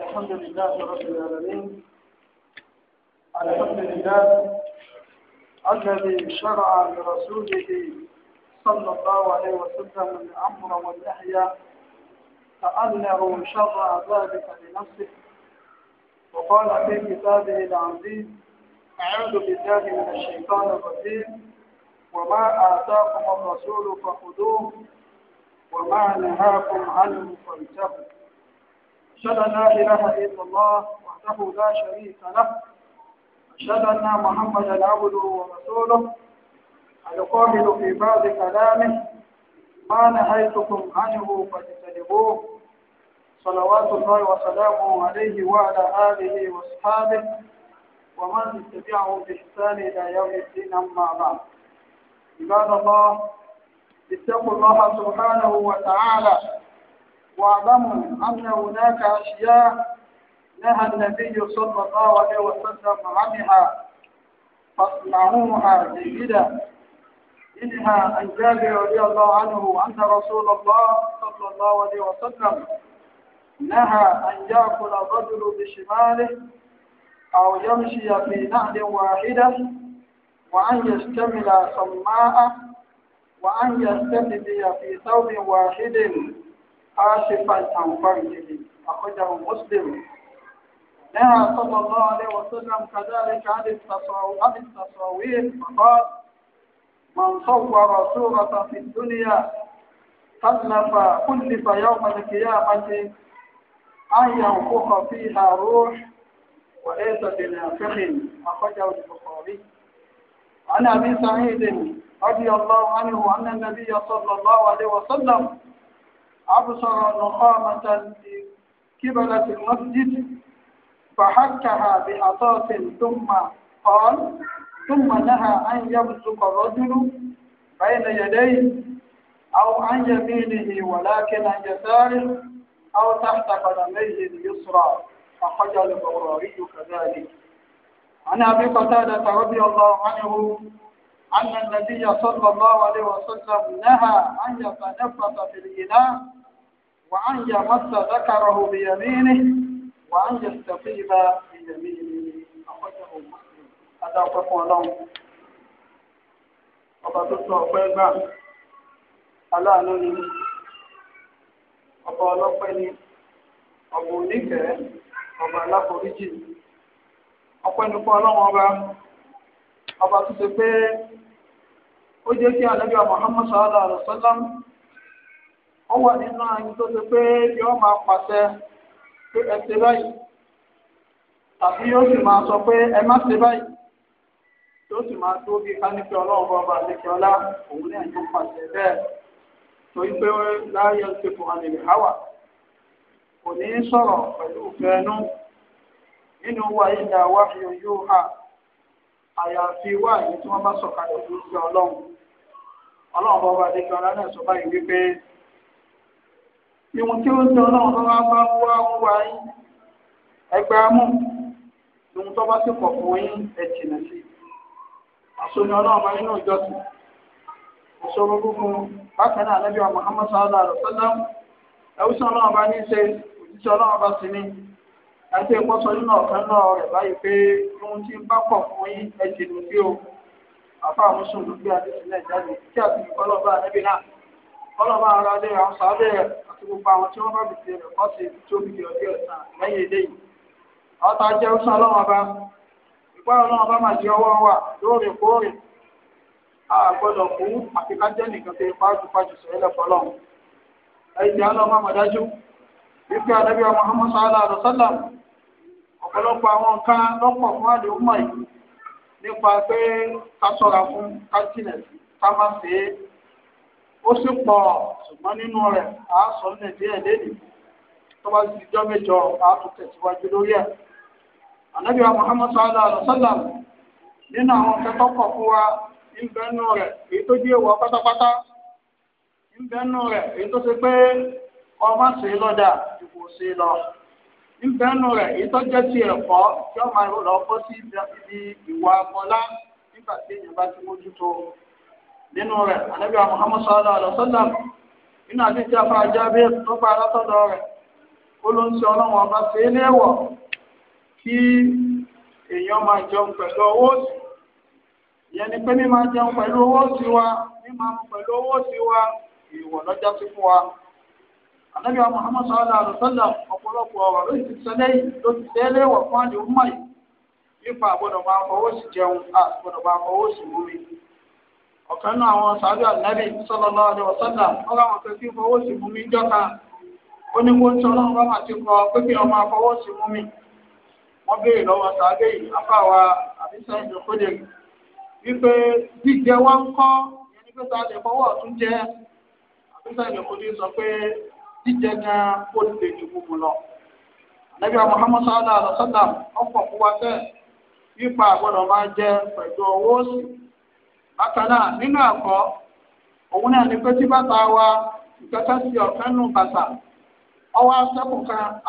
الحمد لله رب العالمين الحمد لله الذي شرع لرسوله صلى الله عليه وسلم الأمر والنهي فانه شرع ذلك لنفسه وقال في كتابه العزيز أعوذ بالله من الشيطان الرجيم وما آتاكم الرسول فخذوه وما نهاكم عنه فانتهوا أشهد أن لا إله إلا الله وحده لا شريك له أشهد أن محمدا عبده ورسوله القائل في بعض كلامه ما نهيتكم عنه فاجتنبوه صلوات الله وسلامه عليه وعلى آله وأصحابه ومن تبعه بإحسان إلى يوم الدين أما بعد عباد الله اتقوا الله سبحانه وتعالى واعلموا أن هناك أشياء نهى النبي صلى الله عليه وسلم عنها فاصنعوها جيدا منها عن جابر رضي الله عنه أن رسول الله صلى الله عليه وسلم نهى أن يأكل الرجل بشماله أو يمشي في نعل واحدة وأن يشتمل صماء وأن يستهدي في ثوب واحد عاصفا عن فرجه أخرجه مسلم صلى الله عليه وسلم كذلك عن عن التصاوير فقال من صور صورة في الدنيا كلف كلف يوم القيامة أن ينفخ فيها روح وليس بنافخ أخرجه البخاري عن أبي سعيد رضي الله عنه أن النبي صلى الله عليه وسلم أبصر نقامة في كبلة المسجد فحكها بحطاة ثم قال ثم نهى أن يبزق الرجل بين يديه أو عن يمينه ولكن عن يساره أو تحت قدميه اليسرى أخرج البخاري كذلك عن أبي قتادة رضي الله عنه أن النبي صلى الله عليه وسلم نهى أن يتنفس في الإناء وأن يمس ذكره بيمينه وأن يستقيم بيمينه أخرجه مسلم هذا أقف لهم ọba tó sọ ọpẹ́ gbà aláàánú ni ọba ọlọ́pẹ́ ni ọba oníkẹ̀ẹ́ ọba aláforíjì ọpẹ́ ni fún ọba Muhammad sallallahu alaihi wasallam. ó wà nínú àyín tó ṣe pé yóò máa pàṣẹ pé ẹ ṣe báyìí tàbí yóò sì máa sọ pé ẹ má ṣe báyìí yóò sì máa tó bí kánífẹ́ ọlọ́run bọ́ọ̀bà lẹ́kẹ́ ọlá òun náà yóò pàṣẹ bẹ́ẹ̀ torí pé láàyè ń ṣe fún àlèlè háwà kò ní sọ̀rọ̀ pẹ̀lú fẹ́ẹ́nú nínú wa ilẹ̀ àwa fi yóò hà àyàfi wá èyí tí wọ́n bá sọ̀kalẹ̀ fún ọlọ́run ọlọ́run bọ́ọ̀bà lẹ́kẹ́ ọlá náà sọ ìwọ̀n tí ó ń tẹ ọlọ́run tó wá bá wá wá yín ẹgbẹ́ amú lòun tó bá sì pọ̀ fún yín ẹ jìnà sí i àsọyìn ọlọ́run bá nínú ìjọsìn ìṣòro bákan náà lẹ́bí ọmọ hamasa aláàrọ̀ sọ́dá ẹ̀wùsọ ọlọ́run ní í ṣe àti nínú ọ̀kan náà rẹ̀ báyìí pé ohun tí ń bá kọ́lọ́mọ ara lé àwọn sábẹ́ àti gbogbo àwọn tí wọ́n bá bìtì rẹ̀ kọ́ sí ibi tó bìtì ọjọ́ ẹ̀sán lẹ́yìn eléyìí. àwọn tá a jẹ́ ọ̀sán ọlọ́wọ́n bá ìpá ọlọ́wọ́n bá máa di ọwọ́ wa lóòrèkóòrè a gbọ́dọ̀ kú àfi ká jẹ́ nìkan pé pàjùpàjù sọ̀rọ̀ fọlọ́run. ẹ̀yìn àlọ́ máa mọ̀ dájú wípé àdàbí ọmọ ọmọ sàálà àdọ́sálà ọ̀pọ̀lọpọ̀ àwọn nǹkan lọ́pọ̀ fún àdéhùn mọ̀ yìí nípa pé ká sọ̀ra fún ká ká má ṣe é ó sì pọ̀ ṣùgbọ́n nínú rẹ̀ a sọ ní ẹ̀díẹ̀ lẹ́yìn tó bá a tún tẹ̀síwájú lórí ẹ̀. ànábì wa muhammad sallallahu alayhi wa sallam nínú àwọn kẹtọ́ pọ̀ fún wa ń nù rẹ̀ èyí tó jẹ́ ìwọ pátápátá nù rẹ̀ èyí tó ṣe pé ọmọ sí i lọ́dà ìwò sí i lọ. ń nù rẹ̀ èyí tó jẹ́ ti ibi ìwà ọmọlá nígbà tí èèyàn nínú rẹ̀ ànábì wa muhammad sallallahu alaihi wa sallam nínú àti tí a fa jábé rẹ̀ ó ló ń ṣe ọlọ́run ọba ṣe é léèwọ̀ kí èèyàn máa jẹun pẹ̀lú owó wa mímáa pẹ̀lú owó òsì wa ìwọ̀ lọ́jà sí fún wa ànábì muhammad sallallahu wa sallam ọ̀pọ̀lọpọ̀ ọ̀rọ̀ ló ti yìí ló ti ọ̀kan náà àwọn sàbí ànábì sallallahu alaihi wasallam wọ́n bá fọwọ́ sí mú mi ó ní wọ́n tí ọlọ́run bá ti kọ pé kí ọmọ afọwọ́ sí mú mi wọ́n béèrè lọ́wọ́ afáwa ìdókòdè wípé jíjẹ ń kọ́ pé fọwọ́ ọ̀tún ìdókòdè sọ pé jíjẹ gan bákan náà nínú ẹ̀kọ́ òun náà ní pé tí bàtà wa ìkẹta sí ọ̀kan nù bàtà ọwọ́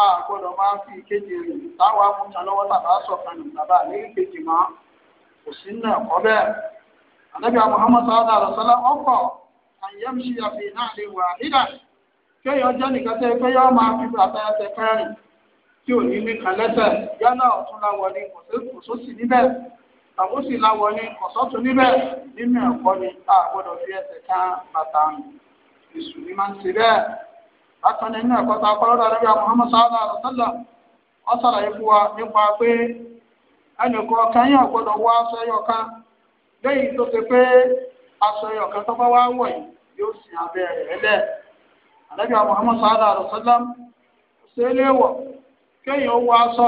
a gbọ́dọ̀ máa fi ìkejì rẹ̀ táwa mú ta tàbá sọ̀kan nù bàbá ní ìkejì mọ́ kò sí nínú bẹ́ẹ̀ Muhammad sallallahu alaihi wasallam ọkọ àyẹ̀mùsí àfi náà kéèyàn nìkan máa fi bàtà kẹrin tí ò ní láwọlé kò àwọn sì láwọ ní ọ̀sọ́tù níbẹ̀ nínú ẹ̀kọ́ ni a gbọ́dọ̀ fi ẹsẹ̀ kan bàtà ìṣù ni máa ń ṣe bẹ́ẹ̀ bákan nínú ẹ̀kọ́ ta kọ́ lọ́dọ̀ àdébíyà Muhammad sallallahu alaihi wa sallam wọ́n ṣàlàyé fún wa nípa pé ẹnìkan kan yẹn gbọ́dọ̀ wọ aṣọ ẹyọ kan tó ṣe pé aṣọ ẹyọ kan tó bá wá wọ̀ yìí yóò abẹ́ rẹ̀ lẹ̀ ṣe é léwọ̀ kéèyàn wọ aṣọ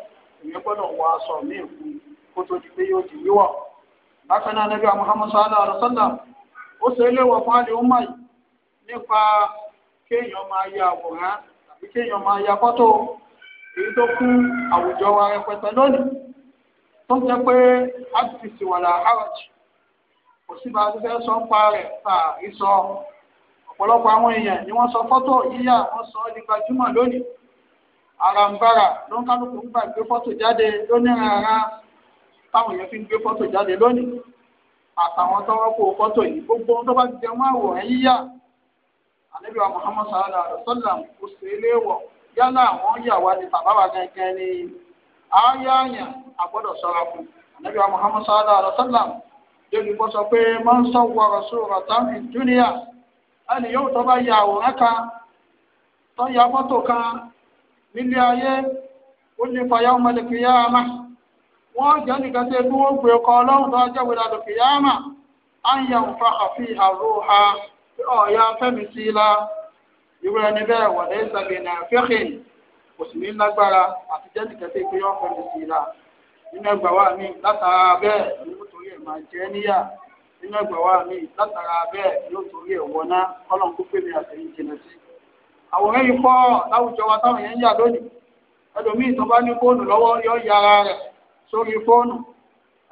ìyẹn gbọ́dọ̀ wọ aṣọ míì fún kó tó di pé yóò di wíwọ̀ bákan náà nàbí ó ṣe ilé léwọ̀ fún àlè ọmọ nípa kéèyàn máa ya àwòrán tàbí kéèyàn máa ya fọ́tò èyí tó kún àwùjọ wa rẹpẹtẹ lónìí tó sọ ń pa rẹ̀ sọ fọ́tò àràǹbarà ló ń kálukú ń gbà gbé fọ́tò jáde lónírànrà táwọn èèyàn fi ń gbé fọ́tò jáde lónìí àtàwọn tọwọ́ kó fọ́tò yìí gbogbo ohun tó bá jẹ mọ́ àwòrán ya ànábì Muhammadu sallallahu alaihi wa sallam kò sí eléwọ̀ yálà àwọn yàwá ni bàbá wa gẹ́gẹ́ ni àáyáyàn àgbọ́dọ̀ sọ́ra fún sallallahu wa sallam débi kó sọ pé dunya ẹni ya àwòrán kan tó ya fọ́tò nílé ayé ó lè fàyà ọmọlẹ́kìyà àmà wọ́n jẹ́ nìkan tó ẹbí wọ́n gbé ọkọ̀ ọlọ́run tó ajẹ́ wẹ̀dà lọ́kìyà àmà á ń àfi àrò ha ọ̀ya fẹ́mi sí la ní lágbára àti nìkan la nínú ẹgbà wa mi látara bẹ́ẹ̀ yóò torí máa níyà nínú ẹgbà wa mi látara torí kó àwòrán yìí pọ̀ láwùjọ wa táwọn yẹn ń yà lónìí ẹlòmíì tó bá ní fóònù lọ́wọ́ yọ ya ara rẹ̀ sórí fóònù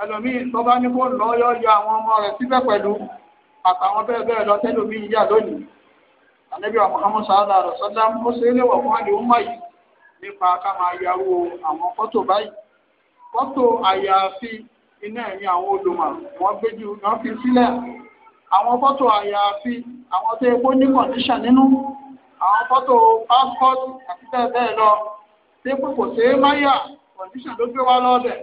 ẹlòmíì tó bá ní fóònù lọ́wọ́ yọ ya àwọn ọmọ rẹ̀ síbẹ̀ pẹ̀lú àtàwọn bẹ́ẹ̀ bẹ́ẹ̀ lọ tẹ́lòmíì yà lónìí ó ṣe é léwọ̀ fún àdéhùn nípa ká máa àwọn fọ́tò báyìí fọ́tò àyàfi iná ẹ̀yìn àwọn olùmọ̀ wọ́n gbé wọ́n fi sílẹ̀ àwọn fọ́tò àyàfi àwọn àwọn fọ́tò pásítọ́ọ̀tì àti bẹ́ẹ̀ bẹ́ẹ̀ lọ tí pé kò ṣeé má yà kọ̀ǹdíṣàn ló gbé wá lọ́ọ̀dẹ̀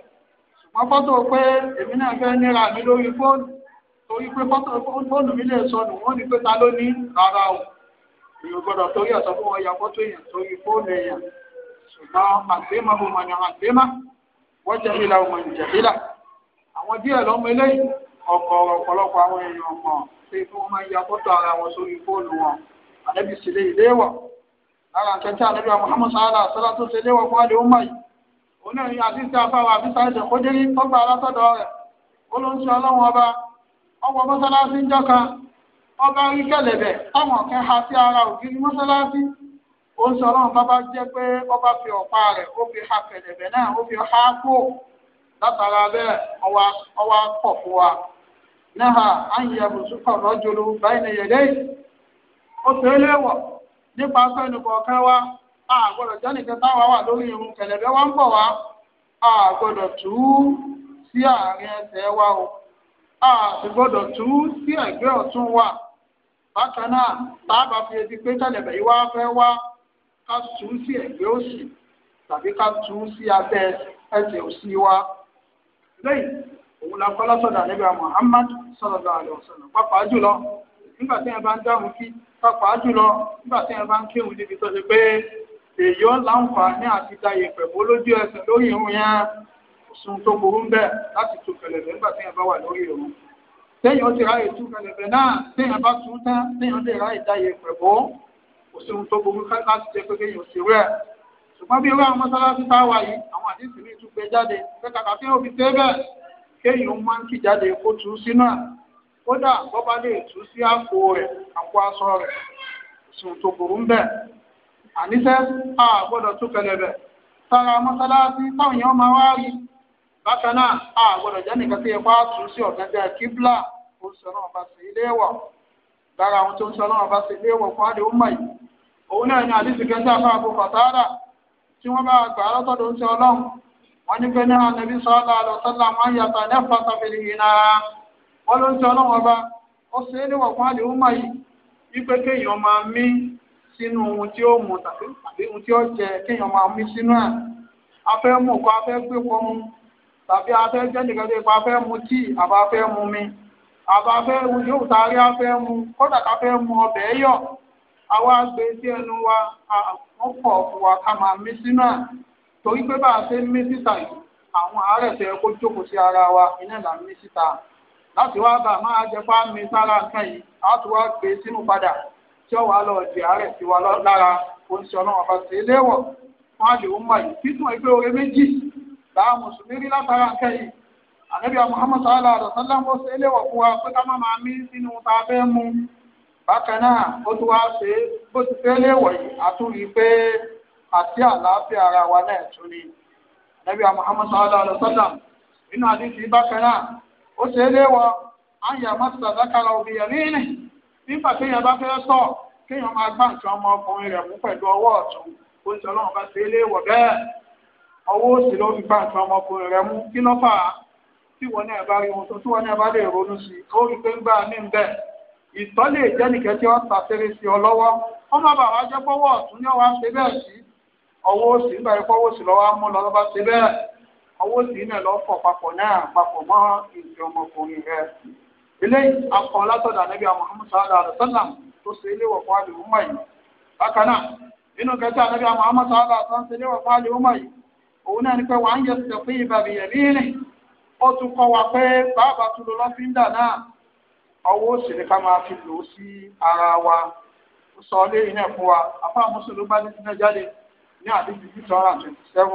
ṣùgbọ́n fọ́tò pé èmi náà fẹ́ níra mi lórí fóònù torí pé fọ́tò fóònù mi lè sọnù wọ́n ní pé ta ló ní rárá o èèyàn gbọ́dọ̀ torí ọ̀sán fún wọn ya fọ́tò èèyàn torí fóònù èèyàn ṣùgbọ́n àgbémọ̀ mo mọ̀ ní àgbémọ̀ wọ́n jẹ́ ìlà ọmọ ìjẹ̀bílà àwọn díẹ̀ lọ́mọ eléyìí ọ̀pọ̀ ọ̀pọ̀lọpọ̀ àwọn èèyàn ọ̀pọ̀ ṣe fún wọn máa ya fọ́tò ara wọn sórí ànábì sì lè léwọ̀ lára nǹkan tí ànábì wa muhammad sallallahu alaihi wa sallam tó ṣe léwọ̀ fún àlè ọmọ yìí òun ẹ̀yìn àdìsí afáwà àbísà ẹ̀jẹ̀ kó dérí tọ́gbà alátọ́dọ̀ rẹ̀ ó ló ọba ọba ha si ara ògiri mọ́sálásí ó ń ọba fi fi ha kẹlẹ̀bẹ̀ náà ha be ọwa wa ó ṣe é léwọ̀ nípa pẹ́ẹ́nù kọ̀ọ̀kan wa a gbọ́dọ̀ jẹ́nìkan táwa wà lórí irun kẹ̀lẹ̀bẹ́ wa ń bọ̀ wá a gbọ́dọ̀ tú sí àárín ẹsẹ̀ wa o a sì gbọ́dọ̀ tú sí ẹ̀gbẹ́ ọ̀tún wa bákan náà táàbà fi etí pé kẹ̀lẹ̀bẹ́ yìí wá fẹ́ wá ká tú sí si òsì tàbí ká tú sí abẹ́ ẹsẹ̀ òsì wa lẹ́yìn òun la kọ́ lọ́sọ̀dà Muhammad sallallahu alaihi wasallam pàápàá jùlọ nígbà tí ẹ bá ń dáhùn kí pàápàá jùlọ nígbà tí ẹ bá ń kírun níbi tó ṣe pé èyí ó láǹfààní àti dayè pẹ̀lú lójú ẹsẹ̀ lórí irun yẹn sun tó burú ń bẹ̀ láti tu kẹlẹ̀bẹ̀ nígbà tí ẹ bá wà lórí irun téèyàn ti ráyè tu kẹlẹ̀bẹ̀ náà téèyàn bá tún tán téèyàn lè ráyè dayè pẹ̀lú kò sí ohun tó burú láti jẹ́ pé kéèyàn ṣe rẹ̀ ṣùgbọ́n bí irú àwọn mọ́sálásí tá a wà yìí àwọn àdéhùn mi tún gbé jáde pé kàkà tí ó fi bẹ́ẹ̀ kéèyàn máa ń kì jáde kó tù ú sínú kódà bọ́ba lè tú sí àpò rẹ̀ àpò aṣọ rẹ̀ sùn tó burú ń bẹ̀ àníṣẹ́ a gbọ́dọ̀ tú kẹlẹ̀bẹ̀ sára mọ́sálásí táwọn èèyàn máa wá rí bákan náà a gbọ́dọ̀ jẹ́ nìkan tí ipa tú sí ọ̀gẹ́gẹ́ kíbla ó sọ náà bá sí ilé wọ̀ lára àwọn tó ń sọ náà bá sí ilé fún àdéhùn mọ̀ yìí òun náà ní fàtàrà tí wọ́n bá gbà á lọ́tọ̀dọ̀ ń sọ ọlọ́run wọ́n ní pé ní wọ́n ló ń tọ́ ọlọ́wọ́n bá ó ṣe é níwọ̀n fún àdéhùnmá yìí wípé kéèyàn máa mí sínú ohun tí ó mú tàbí ohun tí ó jẹ kéèyàn máa mí sínú ẹ̀ mú afẹ́ gbé mu tàbí afẹ́ jẹ́ nìkan tó mu mi àbá mu yóò mu kódà ká fẹ́ mu ọbẹ̀ àwa gbé sí a ṣe mí síta yìí àwọn àárẹ̀ ara wa iná ìlànà láti wá bá máa jẹ mi sára nǹkan yìí a tún wá gbé e sínú padà tí ó wàá lọ di àárẹ̀ sí wa lára oníṣẹ́ ọlọ́run ọba sí iléèwọ̀ fún àlè ọmọ títún ẹgbẹ́ méjì mùsùlùmí rí látara nǹkan sallallahu fún wa pé ká má máa mí sínú a fẹ́ bákan náà ó tún wá ṣe bó ti fẹ́ iléèwọ̀ yìí àtúnyí pé àti àlàáfíà ara wa náà tún ni ó ṣe é léwọ àyà mọ́tò lákàrà òbí yẹ̀rí ní nígbà téèyàn bá fẹ́ tọ̀ kéèyàn máa ọmọ ọkùnrin rẹ̀ mú pẹ̀lú ọwọ́ ọ̀tún ó ń sọ ọlọ́run bá ṣe é léwọ bẹ́ẹ̀ ọwọ́ òsì ló fi gbá nǹkan ọmọkùnrin rẹ̀ mú kí ló fà á tí wọn náà bá rí ohun tó tí wọn náà bá lè ronú sí ó rí pé ń owó na náà lọ́pọ̀ papọ̀ náà papọ̀ mọ́ ìṣe ọmọkùnrin rẹ̀. eléyìí akọ látọ̀dọ̀ anábíà muhammad sallallahu alayhi wa sallam tó ṣe iléwọ̀ fún àlè ọmọ yìí. bákan náà nínú kẹta anábíà muhammad sallallahu alayhi wa sallam ṣe iléwọ̀ fún àlè yìí. òun náà ni pé wàá ń yẹ ó tún kọ́ wa pé bàbá lọ fi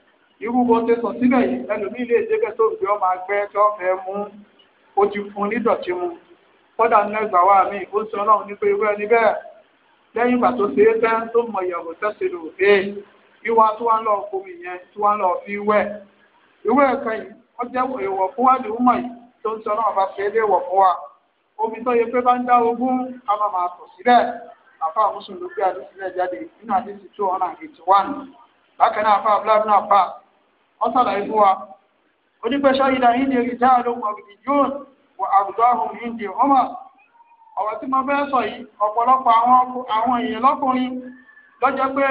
irú bó sọ síbẹ̀ yìí ilé lè tó kẹ́tọ́ òbí ọmọ agbẹ́ tí fẹ́ mú ó ti fún nídọ̀tí mu kódà nínú ẹgbà mi ó ń sọ ọlọ́run ní pé ẹni bẹ́ẹ̀ lẹ́yìn ìgbà tó ṣe mọ ìyàwó tẹ́sí lò dé ìwà tó lọ omi yẹn tó lọ fi wẹ̀ ìwé ẹ̀ka yìí jẹ́ fún wa wa omi tó yẹ pé bá a máa máa tọ̀ sílẹ̀ àfa ló gbé jáde nínú wọ́n sàlàyé fún wa ó ní pé ṣáyidà ìdí ìjà àlòkùn ọ̀gbìn yóò wọ àwùjọ ahùn ìdí ọmọ ọ̀rọ̀ tí mo fẹ́ sọ yìí ọ̀pọ̀lọpọ̀ àwọn èèyàn lọ́kùnrin lọ́jọ́ pé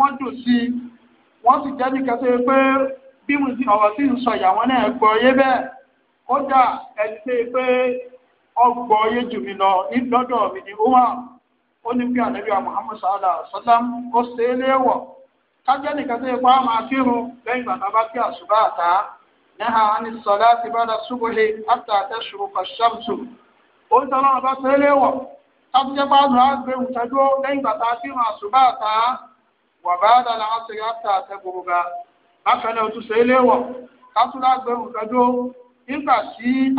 wọn dùn sí wọ́n sì jẹ́ pé bí mo ti ọ̀rọ̀ sí ń sọ ìyàwó náà gbọ́ yé bẹ́ẹ̀ ẹni pé yé bí sallallahu alaihi kájẹ́ nìkan tó yẹ pa á máa kírun lẹ́yìn bàtà bá kí àṣùbà àtà ní sọ̀lá ti bá da súbúlé àtà àtẹ̀sùrù kọ̀ṣẹ́mùtù. ó ń tọ́lọ́ ọba tó lé wọ̀ kájẹ́ bá nù á gbé lẹ́yìn bàtà kírun àṣùbà àtà wà bá dà àtà lé wọ̀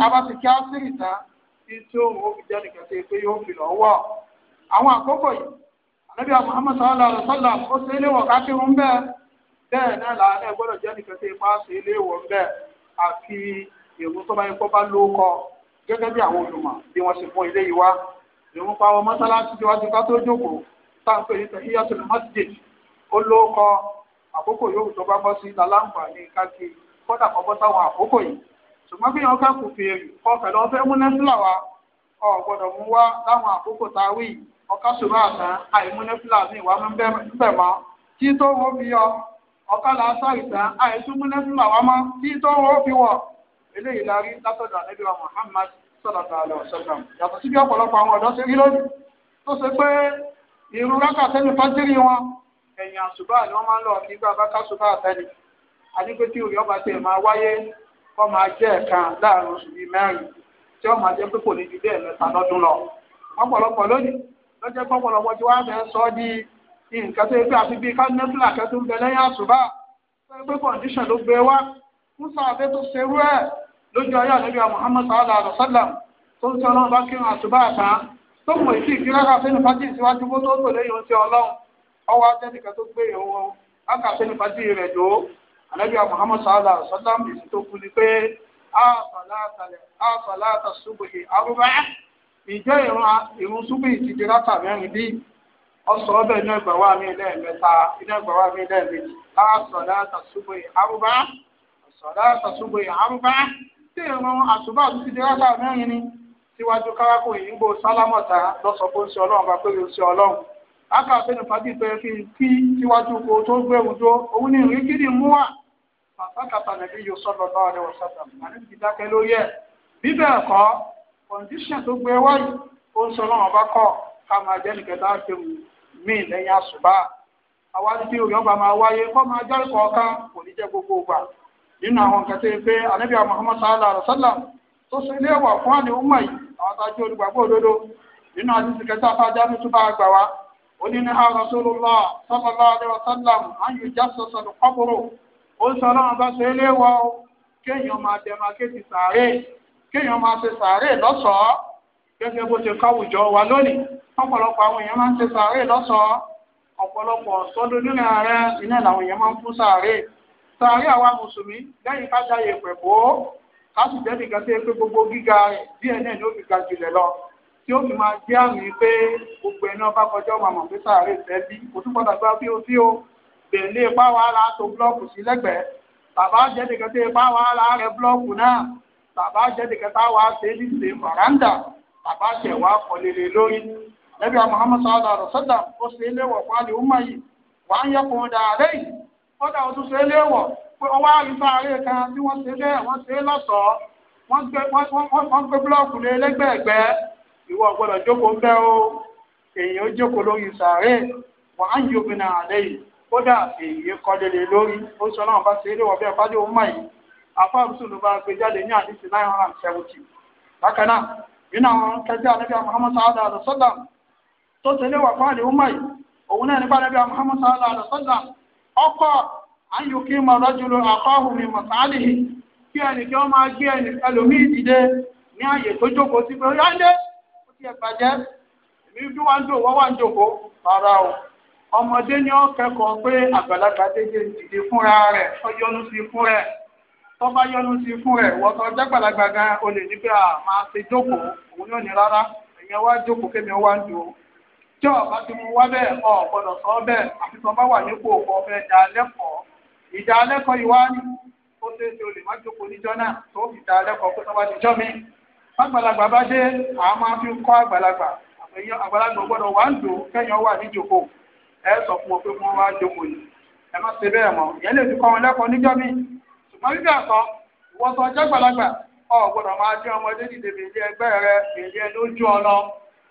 a bá ti kí ànábì Muhammad sallallahu alaihi wa sallam ó ṣe léwọ̀ kákírun bẹ́ẹ̀ bẹ́ẹ̀ náà làánà gbọ́dọ̀ jẹ́ nìkan tí ipa ṣe léwọ̀ bẹ́ẹ̀ àfi èrò tó bá yẹ kó bá ló kọ gẹ́gẹ́ bí àwọn olùmọ̀ bí wọ́n ṣe fún ilé yìí wá ìrún pa àwọn mọ́sálásí tí wọ́n ti ká tó jókòó táǹpé ní tahiyatul masjid ó ló kọ àkókò yóò tó bá bọ́ sí láláǹfààní káàkiri kọ́ ọ̀ká ṣùgbọ́ àtà àìmúlẹ̀ fúlàní ìwà mọ́ bẹ́ẹ̀ kí tó wo fi yọ ọ̀ká làásà ìtà àìsúmúlẹ̀ fúlàwà mọ́ kí tó wo fi eléyìí la rí Muhammad síbi àwọn ṣe rí lónìí tó ṣe pé rákà wọn àṣùbà ni máa ń lọ nígbà bá ká ṣùgbà àtẹni àdígbé tí òyìn ọba tẹ̀ máa wáyé máa láàrin oṣù bíi tí máa pé kò ní ju lọ lọ́jọ́ pọ́pọ̀lọpọ̀ tí wàá fẹ́ sọ ọ́ di nǹkan tó yẹ pé àfi bíi kánẹ́fìlà kan tó ń bẹ lẹ́yìn àṣùbà tó yẹ pé kọ̀ǹdíṣàn ló gbé wá fún sàbẹ́ tó ṣerú ẹ̀ lójú ayé àlejò Muhammad sallallahu alaihi wasallam tó ń sọ ọlọ́run bá kírun àṣùbà àtà tó mọ̀ ìsì ìkíraka sínú fájì síwájú bó tó tò lẹ́yìn oúnjẹ ọlọ́run ọwọ́ ajẹ́nìkan tó gbé ìhòòhò láka sínú fájì rẹ̀ jò àlejò Muhammad sallallahu alaihi wasallam èsì tó kú ni pé àṣàlá ìjọ ìrun súbì ti di rákà mẹ́rin bí ọ̀sọ̀ ọbẹ̀ iná ẹgbà wà mí lẹ́ẹ̀mẹ́ta iná ẹgbà wà mí lẹ́ẹ̀mejì láàsọ̀dá àrùbá àsọ̀dá àtàsúgbò àrùbá tí ìrun àsùbà ti di rákà ni síwájú kárákò sálámọ̀tà lọ́sọ̀ kó ń ṣe bá ń ṣe fàájì pé kí n kí síwájú kó tó gbé òun ìrìn kí ni mú wà pàtàkì yóò kọ̀ǹdíṣàn tó gbé wáyé ó ń sọ ma bá kọ́ ká máa jẹ́ nìkẹ́ta ṣe mí lẹ́yìn àṣùbà àwa ní bí òyìn ọba máa wáyé kọ́ máa jẹ́ ìkọ̀ọ̀kan kò ní jẹ́ gbogbo ìgbà nínú àwọn nǹkan tó yẹ pé anábì Muhammad sallallahu alaihi tó ilé ẹ̀wà fún ọmọ yìí àwọn tá a jẹ́ olùgbàgbọ́ òdodo nínú sallallahu alaihi wa sallam kéèyàn máa ṣe sàárè lọ́sọ̀ọ́ gẹ́gẹ́ bó ṣe káwùjọ wa lónìí ọ̀pọ̀lọpọ̀ àwọn èèyàn máa ń ṣe sàárè lọ́sọ̀ọ́ ọ̀pọ̀lọpọ̀ sọ́dún nínú ààrẹ iná làwọn èèyàn máa ń fún sàárè sàárè àwa mùsùlùmí lẹ́yìn ká da yèpẹ̀ bò ó ká sì jẹ́ nìkan sí pé gbogbo gíga rẹ̀ díẹ̀ náà ni ó fi ga jùlẹ̀ lọ tí ó fi máa jẹ́ àmì pé gbogbo ẹ̀ náà bá kọjọ́ máa mọ̀ pé sàárè fẹ́ bí kò tún padà gbá bí o sí o bèèlè pá wàhálà tó búlọ́ọ̀kù sí lẹ́gbẹ̀ẹ́ bàbá jẹ́ nìkan sí pá wàhálà rẹ̀ búlọ́ọ̀kù náà bàbá jẹ́nìkan táwa ṣe ní ṣe fàràǹdà bàbá ṣẹ̀wá kọ̀lélẹ̀ lórí ẹbí Muhammad sallallahu alaihi wasallam ó ṣe léwọ̀ fún àlè ọmọ yìí wà á yẹ kùn dàrẹ́ yìí kódà ó tún ṣe léwọ̀ pé kan tí wọ́n ṣe bẹ́ẹ̀ wọ́n ṣe lọ́sọ̀ọ́ wọ́n gbé búlọ́ọ̀kù lé lẹ́gbẹ̀ẹ́gbẹ́ ìwọ jókòó o èèyàn jókòó lórí wà á afọ ló bá gbé jáde ní àdìsí nine hundred and seventy bákan náà nínú àwọn kẹjọ ànábì Muhammad sallallahu alaihi tó tẹ̀lé wà fún àdìhùn òun náà nípa ọkọ̀ mi kí ẹnì kí wọ́n máa gbé ẹnì ẹlòmíì dìde ní tó jókòó sí pé yáńdé ó ti ẹ̀ bàjẹ́ èmi bí wá ń dò wọ́n wá ń jókòó rárá o ọmọdé tó bá yọnu sí fún rẹ̀ wọ́n tó jágbàlagbà gan o lè ní pé a máa ṣe jókòó òun yóò ní rárá èèyàn wá jókòó kémi wá ń dùn ó tí ọba ti mú wá bẹ́ẹ̀ ọ̀ gbọ́dọ̀ sọ bẹ́ẹ̀ àfi tó bá wà nípò òkú ọ̀fẹ́ ìdá lẹ́kọ̀ọ́ ìdá lẹ́kọ̀ọ́ yìí wá ní ó ṣe é ṣe o lè má jókòó níjọ́ náà tó ìdá lẹ́kọ̀ọ́ pé tó bá ti jọ́ mi àgbàlagbà bá dé à máa fi kọ́ àgbàlagbà àgbàlagbà gbọ́dọ̀ wà ń dùn kẹ́yìn wà ní jókòó ẹ sọ fún wọn pé wọ́n wá jókòó yìí ẹ má ṣe bẹ́ẹ̀ mọ́ ṣùgbọ́n nígbà kan ìwọ́n sọ jágbàlagbà ọ̀ gbọ́dọ̀ máa dín ọmọdé dìde bèèrè ẹgbẹ́ rẹ bèèrè ẹ lójú ọ̀nà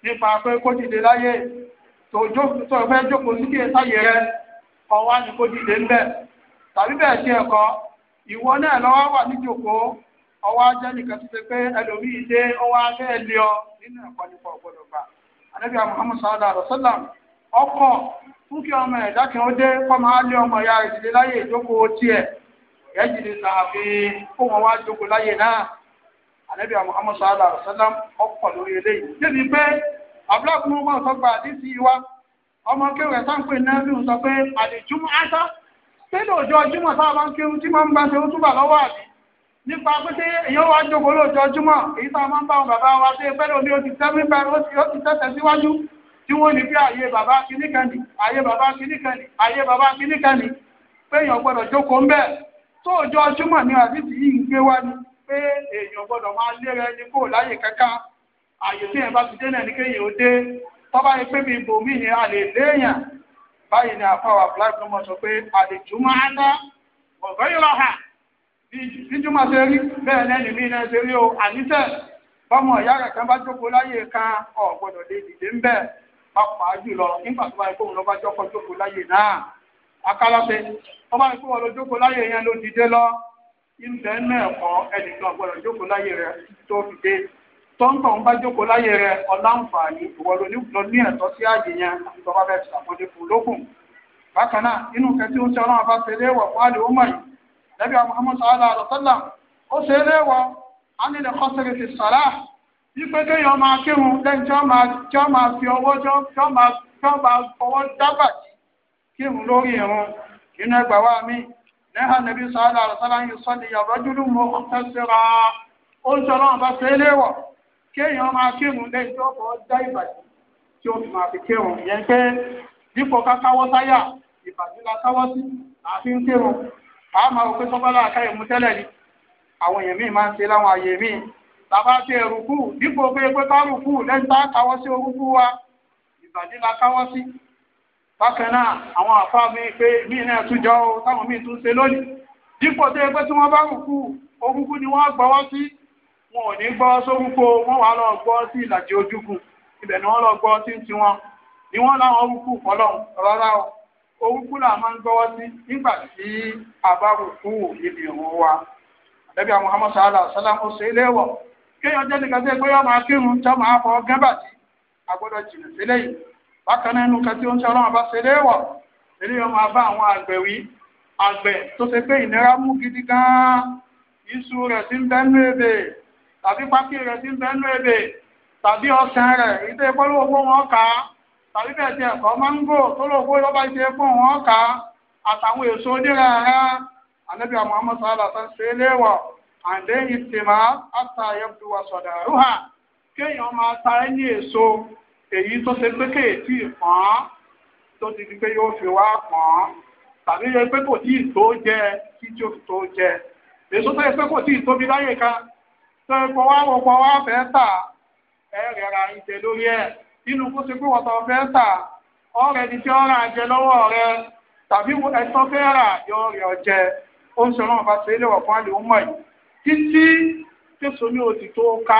nípa pé kó dìde láyé tó fẹ́ jókòó sí kíyè rẹ wá ní kó tàbí bẹ́ẹ̀ ẹ̀kọ́ ìwọ náà lọ́wọ́ wà ní ọwọ́ ajẹ́ nìkan ti ṣe pé ọ nínú ẹ̀kọ́ nípa gbà muhammadu sallallahu alaihi ọkọ̀ fún kí ọmọ ẹ̀dá yẹ́jìdì sàáfin kó wọn wá jókòó láyè náà ànábì Muhammad sallallahu alaihi wasallam ọkọ̀ lórí eléyìí débi pé abúlé kúrú wọn sọ pé àdìsí wa ọmọ kéwì ẹ̀sán pé nẹ́ẹ̀bì sọ pé àdìjúmọ́ ásá tẹ́lẹ̀ òjò ọjúmọ̀ sáà bá ń kéwù tí máa ń bá ṣe ó túbà lọ́wọ́ àbí nípa pé tí èèyàn wá jókòó lóòjọ́ ọjúmọ̀ èyí tá a máa ń bá wọn bàbá wa ṣe pẹ́lú omi ó ti tẹ́mí bẹ́ẹ̀ ó ti tẹ́tẹ̀ síwájú tí wọ́n ní bí ààyè bàbá kìnnìkanì ààyè bàbá kìnnìkanì ààyè bàbá kìnnìkanì pé èèyàn gbọ́dọ̀ tó ọjọ́ júmọ̀ ní àdìsí yìí ń gbé wá ní pé èèyàn gbọ́dọ̀ máa léra ẹni kó láyè kankan àyè tí yẹn bá ti dé náà ní kéèyàn ó dé tọ́ba yẹn pé mi bò mí yẹn a lè léèyàn báyìí ni àfáwà black ló mọ sọ pé àlejùmọ̀ àná ọ̀gọ́ ìrọ̀ hà bí júmọ̀ ṣe rí bẹ́ẹ̀ lẹ́nu mi náà ṣe rí o àníṣe bọ́mọ ìyá rẹ̀ kan bá jókòó láyè kan ò gbọ́dọ̀ lè dìde ń bẹ̀ pàápàá jùlọ nígbà tó bá yẹ kóun akálọ́tẹ ọba ìpín wọn lọ jókòó láyé yẹn ló dìde lọ ilẹ̀ náà kọ́ ẹnìkan gbọ́dọ̀ jókòó láyé rẹ tó fi dé tọ́ńtọ̀ ń bá jókòó láyé rẹ ọ̀làǹfààní ìwọ ló ní ẹ̀tọ́ sí ààyè yẹn àti tọ́ba bẹ́ẹ̀ ṣàkóso fún lókun bákan náà inú kẹ tí ó ń ṣe ọlọ́run bá ṣe léèwọ̀ fún àlè ọmọ yìí lẹ́bí Muhammad sallallahu alaihi wasallam ó ṣe léèwọ̀ ánilẹ̀ kọ́sẹ̀rẹ̀ ti sàrà wípé kéèyàn máa kírun lẹ́yìn tí wọ́n máa fi ọwọ́ dábàá kírun lórí ìrun nínú ẹgbà wa mi lẹ́hà nàbí sọ́ọ́lá àrùsọ́lá yìí sọ́ ni yàrá mọ́ tẹ́síra ó ń sọ lọ́wọ́n bá kéèyàn máa kírun ìbàdí tí ó fi máa fi yẹn pé dípò kákáwọ́ ìbàdí la káwọ́ sí àfi ń sọ́kọ́lá àká ni àwọn èèyàn míì máa ń ṣe láwọn àyè míì ṣe dípò pé pé rùkú lẹ́yìn tá a káwọ́ sí orúkú wa ìbàdí la káwọ́ sí bákan àwọn àfáà mi pé míì náà tún jọ o táwọn míì tún ṣe lónìí dípò tó yẹ tí wọ́n bá rùkú orúkú ni wọ́n gbọ́wọ́ sí wọn ò ní gbọ́wọ́ sórúkú wọ́n wà lọ gbọ́ sí ìlàjì ojúkù ibẹ̀ ni wọ́n lọ gbọ́ sí o orúkú là máa Muhammad ó ṣe léwọ̀ kéèyàn jẹ́ máa kírun máa fọ bákan náà nǹkan tí ó ń ṣe ọlọ́run bá ṣe léèwọ̀ eré ọmọ abá àwọn àgbẹ̀ àgbẹ̀ tó ṣe pé gidi gan-an iṣu rẹ̀ ti ń bẹ́nu ebè tàbí pákí rẹ̀ ti ń bẹ́nu ebè tàbí ọsàn rẹ̀ ìdè polówó wọn kà á tàbí bẹ́ẹ̀ ti ẹ̀kọ́ máńgò tó lówó lọ́ba ṣe fún wọn kà á àtàwọn èso èyí tó ṣe pé kéètì pọ́n tó ti di pé yóò fi wá pọ́n tàbí yẹ pé kò tí ì tó jẹ kí tí ó fi tó jẹ èso tó yẹ pé kò tí ì tóbi láyè kan tó yẹ pọ̀ wá wọ̀pọ̀ wá fẹ́ tà ẹ rẹ̀ra ìjẹ lórí ẹ̀ nínú kó ṣe pé wọ̀tọ̀ fẹ́ tà ọ̀rẹ́ ni tí ọ̀rẹ́ àjẹ lọ́wọ́ rẹ tàbí ẹ̀tọ́ fẹ́ rà yọ ọ̀rẹ́ ọ̀jẹ ó ń ṣe ọlọ́run bá ṣe é léwọ̀ fún àlè ó mọ̀ yìí títí tẹ̀sọ́ ní òtítọ́ ká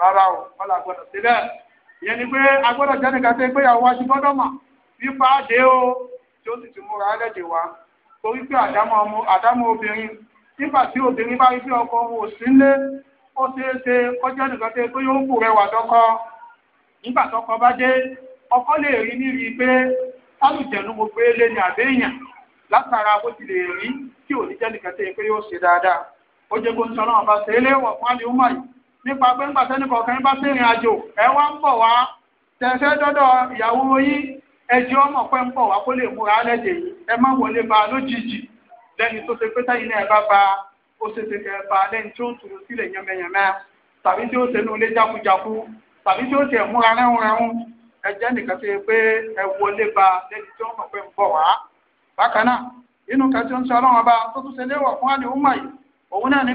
rárá o wọ́n là gbọ́dọ̀ síbẹ̀ ìyẹn ni pé agbọ́dọ̀ jẹ́nìkan tó gbéyàwó wá sí gbọ́dọ̀ mà nípa àdé o tí ó sì ti múra wá torí pé àdámọ́ obìnrin nígbà tí obìnrin bá rí ọkọ òun ò sí nílé ó ṣeé ṣe kọjá nìkan pé yóò kù rẹwà nígbà tọkọ bá dé ọkọ lè rí níbi pé nípa pé ńgbà sẹ́ni kọ̀ọ̀kan bá sẹ́rìn àjò ẹ ń bọ̀ wá tẹ̀sẹ̀ dọ́dọ̀ ìyàwó ọmọ pẹ́ ń bọ̀ wá kó lè múra lẹ́jẹ̀ yìí ẹ má wọlé bá lójijì lẹ́ni tó ṣe pé sẹ́yìn náà ẹ bá ba ó ṣe ṣe kẹ́ bá lẹ́ni tí ó ń tùrù sílẹ̀ yànmẹ́yànmẹ́ tàbí tí ó ṣe ní ilé jákujáku tàbí tí ó ṣe múra ẹjẹ́ nìkan ṣe pé ẹ wọlé lẹ́ni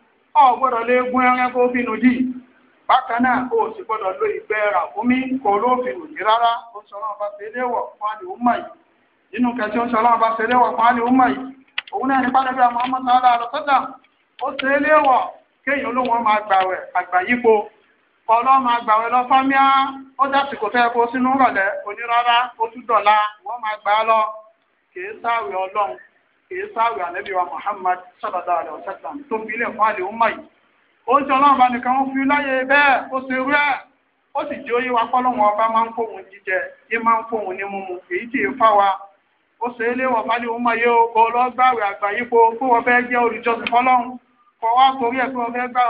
ọ gbọdọ lé gún ẹran kó bínú jì bákan náà o sì gbọdọ lo ìgbẹ́ rà fún mi kò lófin òjì rárá ó sọ ọba bá ṣe léwọ̀ fún àlè òmà yìí nínú ó sọ bá ṣe fún yìí òun náà ní pálọ́bí àwọn ọmọ sọ́dà ó ṣe léwọ̀ kéèyàn olóhùn ọmọ àgbàyípo lọ fámíà ó fẹ́ kó sínú rọ̀lẹ́ ó kìí sáàrù ànábì wa Muhammad sallallahu alaihi wasallam tó ń bilẹ̀ fún àlè ọmọ yìí ó ń sọ ọlọ́run bá nìkan ó fi láyé bẹ́ẹ̀ ó ṣe rú ẹ̀ ó sì jẹ́ oyé wa pọ́lọ́wọ́n ọba máa ń fóun jíjẹ yé máa ń fóun ní mímu èyí tí ì fá wa ó ṣe é léwọ̀ fálẹ̀ ọmọ yìí ó kó lọ gbààwẹ̀ àgbà yìí kó kó wọ́n fẹ́ jẹ́ olùjọsìn fọlọ́run kọ wá torí ẹ̀ kó wọ́n fẹ́ gbá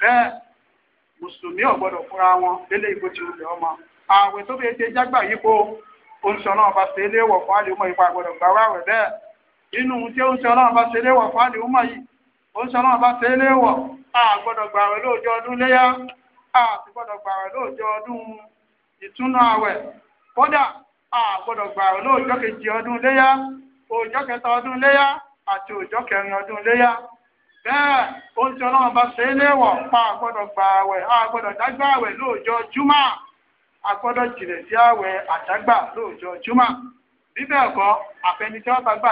ọjọ́ mùsùlùmí ọ̀gbọ́dọ̀ fúnra wọn lélẹ̀ ìbò ti wulẹ̀ ọmọ ààwẹ̀ tó bẹ́ẹ̀ ṣe jágbà yìí kó oúnjẹ náà bá ṣe léèwọ̀ fún àlèmọ́ ipa àgbọ̀dọ̀ gbàrú àwẹ̀ bẹ́ẹ̀ inú tí oúnjẹ náà bá ṣe léèwọ̀ fún àlèmọ́ yìí oúnjẹ náà bá ṣe léèwọ̀ àgbọ̀dọ̀ gbàrú lóòjọ́ ọdún léyà àti gbọ́dọ̀ gbàrú lóòjọ́ ọdún ìtúnú àwẹ̀ kódà àgbọ̀dọ̀ gbàrú lóòjọ́ kejì ọdún léyà òòjọ́ kẹta ọdún léyà àti òòjọ́ kẹrin ọdún léyà bẹ́ẹ̀ oúnjẹ ọlọ́run bá ṣe é léwọ̀ pa àgbọ́dọ̀ gba àwẹ̀ àgbọ́dọ̀ dágbà àwẹ̀ lóòjọ́ àgbọ́dọ̀ sí àwẹ̀ àdágbà lóòjọ́ bíbẹ̀ ẹ̀kọ́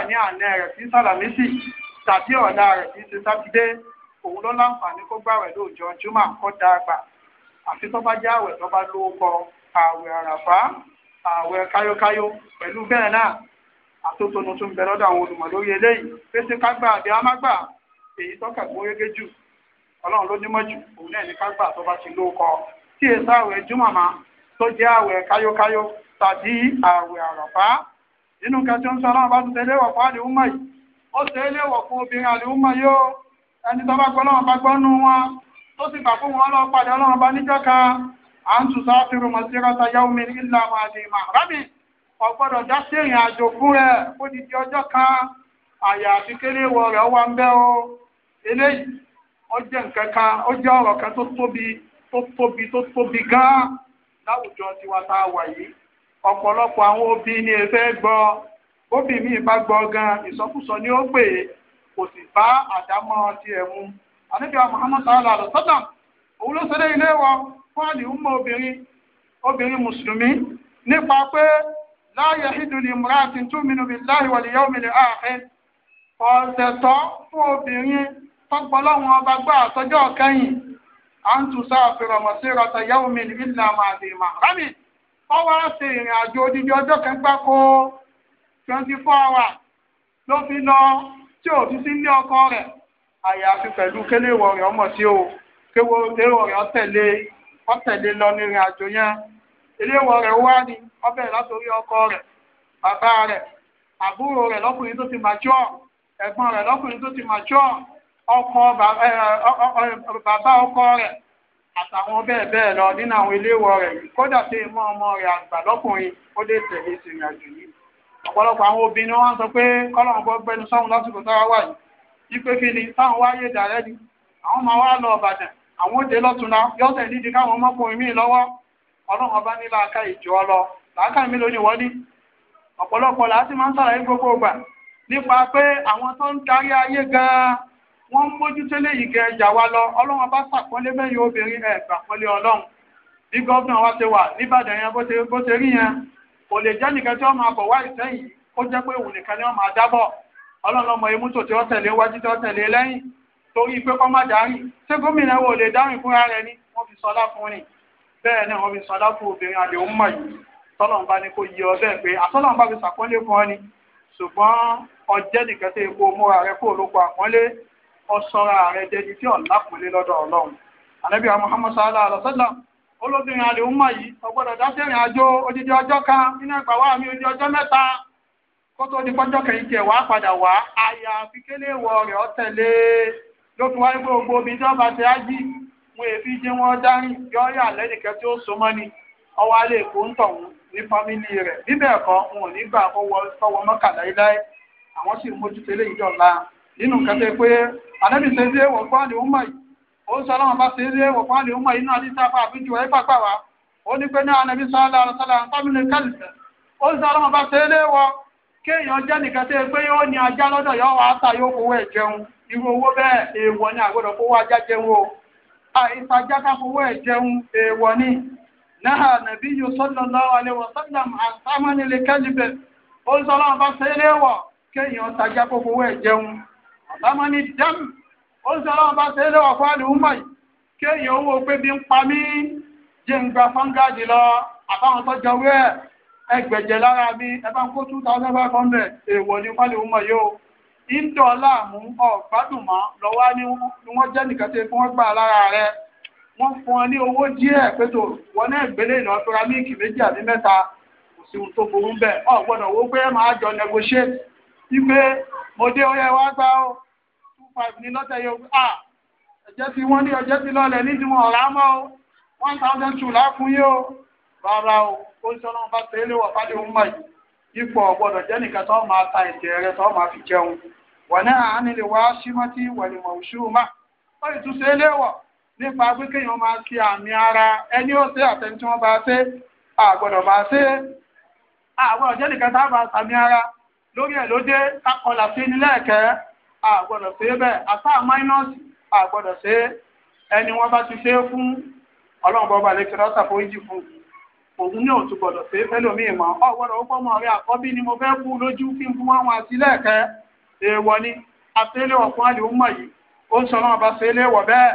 ní àná rẹ̀ sí sàlàmísì tàbí ọ̀la rẹ̀ sí sátidé òun ló láǹfààní kó gbàwẹ̀ lóòjọ́ kọ́ èyí tọ́ka gbóyégé jù ọlọ́run ló nímọ̀ jù òun náà ní ká gbà tó bá ti ló kọ tí èso àwẹ̀ jùmọ̀mọ́ tó jẹ́ àwẹ̀ káyókáyó tàbí àwẹ̀ àrọ̀fá nínú kẹjọ ń sọ ọlọ́run bá ti tẹ̀lé wọ̀ fún àdìhùn mọ̀ yìí ó tẹ̀lé wọ̀ fún obìnrin àdìhùn mọ̀ yìí ó ẹni tó bá gbọ́ ọlọ́run bá gbọ́ nú wọn tó sì gbà fún wọn lọ pàdé ọlọ́run bá níjọ́ kan à ń tún sáfìrù mọ̀ sí rọ́ta yáwó mi nílà máa di mà rábì ọ̀gbọ́dọ̀ já sí ìrìn àjò fún rẹ̀ ó di di ọjọ́ kan àyà àti kéré wọ rẹ̀ wà ń bẹ́ o eléyìí ó jẹ́ nǹkan kan ó ọ̀rọ̀ kan tó tóbi tó tóbi tó gan-an láwùjọ tiwa tá a wà yìí ọ̀pọ̀lọpọ̀ àwọn òbí ni ẹ fẹ́ gbọ́ mi bá gbọ́ gan ìsọkúsọ ni ó pè é kò sì bá àdámọ́ tiẹ̀ mu àníbi àwọn Muhammad sallallahu alaihi òun ló ilé wọ fún obìnrin obìnrin mùsùlùmí nípa pé láàyè mùráàtì túmínú ọ̀sẹ̀ tọ́ fún obìnrin tọ́pọ̀lọ́wọ́n ọba gbọ́ àtọ́jọ́ kẹ́yìn a ń tún sí rọta yẹ́wò mi ní ìlà máa mà rámì ọwọ́ ṣe ìrìn àjò odidi ọjọ́ kan kó twenty four hours ló fi lọ tí ò fi sí ilé ọkọ rẹ̀ àyàfi pẹ̀lú ọmọ rẹ̀ lọ ní ìrìn àjò yẹn rẹ̀ wá ní ọbẹ̀ látòrí ọkọ rẹ̀ bàbá rẹ̀ àbúrò rẹ̀ lọ́kùnrin tó ti ẹ̀gbọ́n rẹ̀ lọ́kùnrin tó ti ọkọ bàbá ọkọ rẹ̀ àtàwọn bẹ́ẹ̀ bẹ́ẹ̀ lọ nínú àwọn iléèwọ̀ rẹ̀ kódà tí ìmọ̀ ọmọ rẹ̀ àgbà lọ́kùnrin ó lè tẹ̀lé ìsìnrìn àjò yìí ọ̀pọ̀lọpọ̀ àwọn obìnrin wọn sọ pé kọ́lọ́run bọ́ gbẹnu sọ́run lásìkò táwa wà yìí wípé kí ni táwọn wáyé ni àwọn máa wá lọ àwọn òde nídi káwọn ọmọkùnrin míì wọ́n pé àwọn tó wọ́n ń mójú tẹ́lẹ̀ yìí kẹ́ ẹjà wa lọ ọlọ́run bá sàpọ́nlé mẹ́yìn obìnrin ẹ̀ gbàpọ́nlé ọlọ́run bí gọ́vnà wa ṣe wà nìbàdàn yẹn bó ṣe bó ṣe rí yẹn kò lè jẹ́ nìkan tí wọ́n máa bọ̀ jẹ́ pé òun nìkan ni wọ́n ọmọ tẹ̀lé wájú tẹ̀lé lẹ́yìn torí pé kọ́ má ṣé gómìnà wo lè dárìn fúnra ni wọ́n fi sọlá fún ni bẹ́ẹ̀ náà wọ́n fi sọlá fún obìnrin àlè mọ̀ yìí ọ bẹ́ẹ̀ pé bá fi sàpọ́nlé fún ni ṣùgbọ́n ọjẹ́ Ọ rẹ̀ dẹni tí ọ̀nà kùnlé lọ́dọ̀ ọlọ́run ànábì Muhammad sallallahu ala olóbìnrin àlè ń yìí ọgbọ́dọ̀ dásẹ̀rìn àjò odidi ọjọ́ kan nínú ẹgbà wà mí odidi ọjọ́ mẹ́ta kó tó di kẹyìn tiẹ̀ wá padà wá ọ tẹ̀lé ló fi wáyé gbogbo omi tí wọ́n bá ti ájí wọn èéfi jẹ́ wọ́n dárìn yọ yà lẹ́nìkẹ́ tí ó so mọ́ ni ọwọ́ alẹ́ èkó ń tọ̀hún ní fámìlì rẹ̀ bíbẹ̀ ẹ̀kọ́ wọn ò ní gbà kó àwọn sì mójútó eléyìí dọ̀la inu kẹfẹ́ pé ànábì ṣe é wọ̀ fún àlè ọmọ yìí ó sọ ọlọ́run bá ṣe é wọ̀ fún àlè ọmọ yìí náà ní sáfà àbíjú ẹ̀ pàpà wá ó ní pé náà ànábì sọ́ọ́lá ó sọ bá ṣe jẹ́ nìkan tẹ́ pé yóò ní ajá lọ́dọ̀ wá yóò jẹun irú owó bẹ́ẹ̀ èèwọ̀ ni àgbọ̀dọ̀ kówó ajá jẹun o àìsàjá ká kówó ẹ̀ jẹun èèwọ̀ ni náà ọ̀tàmọ́ ní dẹ́m ó ń sọ́lọ́wọ́n bá ṣe lọ́wọ́ fún àlùmọ́ yìí kí èèyàn owó pé bí ń pa mí jẹ́ ń gba fọ́ngáàdì lọ àbáwọn tó jọ wẹ́ ẹgbẹ̀jẹ̀ lára mi ẹbá ń kó two thousand five hundred èèwọ̀ ní fálẹ̀wọ́mọ̀ yóò ìndọ̀ láàmú ọ̀gbádùn mọ́ lọ́wọ́ ni wọ́n jẹ́ nìkan tí wọ́n gbà lára rẹ̀ wọ́n fún ọ ní owó díẹ̀ pẹ̀tọ̀ wọn náà gbélé ìlọ fúra mílíkì méjì àbí mẹ́ta kò sí ohun tó burú bẹ́ẹ̀ ọ̀ gbọ́dọ̀ owó pé máa ife mọ̀dé ọyẹ wá gbá ó two five ní lọ́tẹ̀ yóò à ah, ẹ̀jẹ̀ tí wọ́n ní ọjẹ́ tí lọ́lẹ̀ ní ìdìmọ̀ ọ̀rá mọ́ ó one thousand two láfún yìí ó rárá o ó ń sọ́nà bá tẹ́lẹ̀ wọ̀ fáde òun mọ̀ yìí ipò ọ̀gbọ́dọ̀ jẹ́ nìkan tó máa ta ẹ̀jẹ̀ rẹ tó máa fi jẹun wọ̀n náà á nílé wá símọ́tì wọ̀lìmọ̀ òṣùmá ó ìtúsẹ́ eléwọ̀ nípa pé kéèyàn máa ṣe àmì ara ẹni ó ṣe àtẹni tí wọ́n bá ṣe àgbọ̀dọ̀ máa ṣe àgbọ̀dọ̀ jẹ́ nìkan tá a máa ṣàmì ara lórí ẹ̀ ló dé kakọlà sí ní lẹ́ẹ̀kẹ́ àgbọ̀dọ̀ ṣe é bẹ́ẹ̀ àtà máínọ́ọ̀sì àgbọ̀dọ̀ ṣe é ẹni wọ́n bá ti ṣe é fún ọlọ́run bọ́ba lè kíra ọ̀sà foríjì fún òun ní òtún gbọ́dọ̀ ṣe é fẹ́lòmíì mọ́ ọ̀gbọ́dọ̀ ó gbọ́mọ rẹ àkọ́bí ni mo fẹ́ kú lójú kí n fún wọn wọn àti lẹ́ẹ̀kẹ́ èèwọ̀ ni àtẹ́lẹ̀ ọ̀fún àlè ó mọ̀ yìí ó ń sọ náà bá ṣe é léwọ̀ bẹ́ẹ̀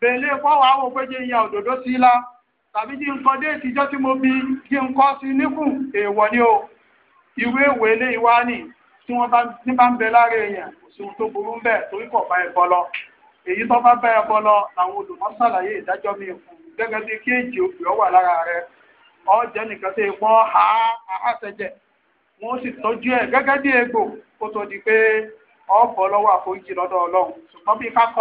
bèèlè fọwọ́ àwọn òpéjì ìyàn irú èwé eléyìí wá ní tí wọ́n bá ń bẹ lára èèyàn kò sí ohun tó burú bẹ́ẹ̀ torí kò bá ẹbọ lọ èyí tó bá bá làwọn ìdájọ́ mi fún gẹ́gẹ́ bí ọ wà lára rẹ ọ nìkan tó pọ́n ha wọ́n sì tọ́jú ẹ̀ gẹ́gẹ́ bí egbò kó tó di pé ọ lọ́wọ́ àforíjì lọ́dọ̀ ọlọ́run ṣùgbọ́n bí ká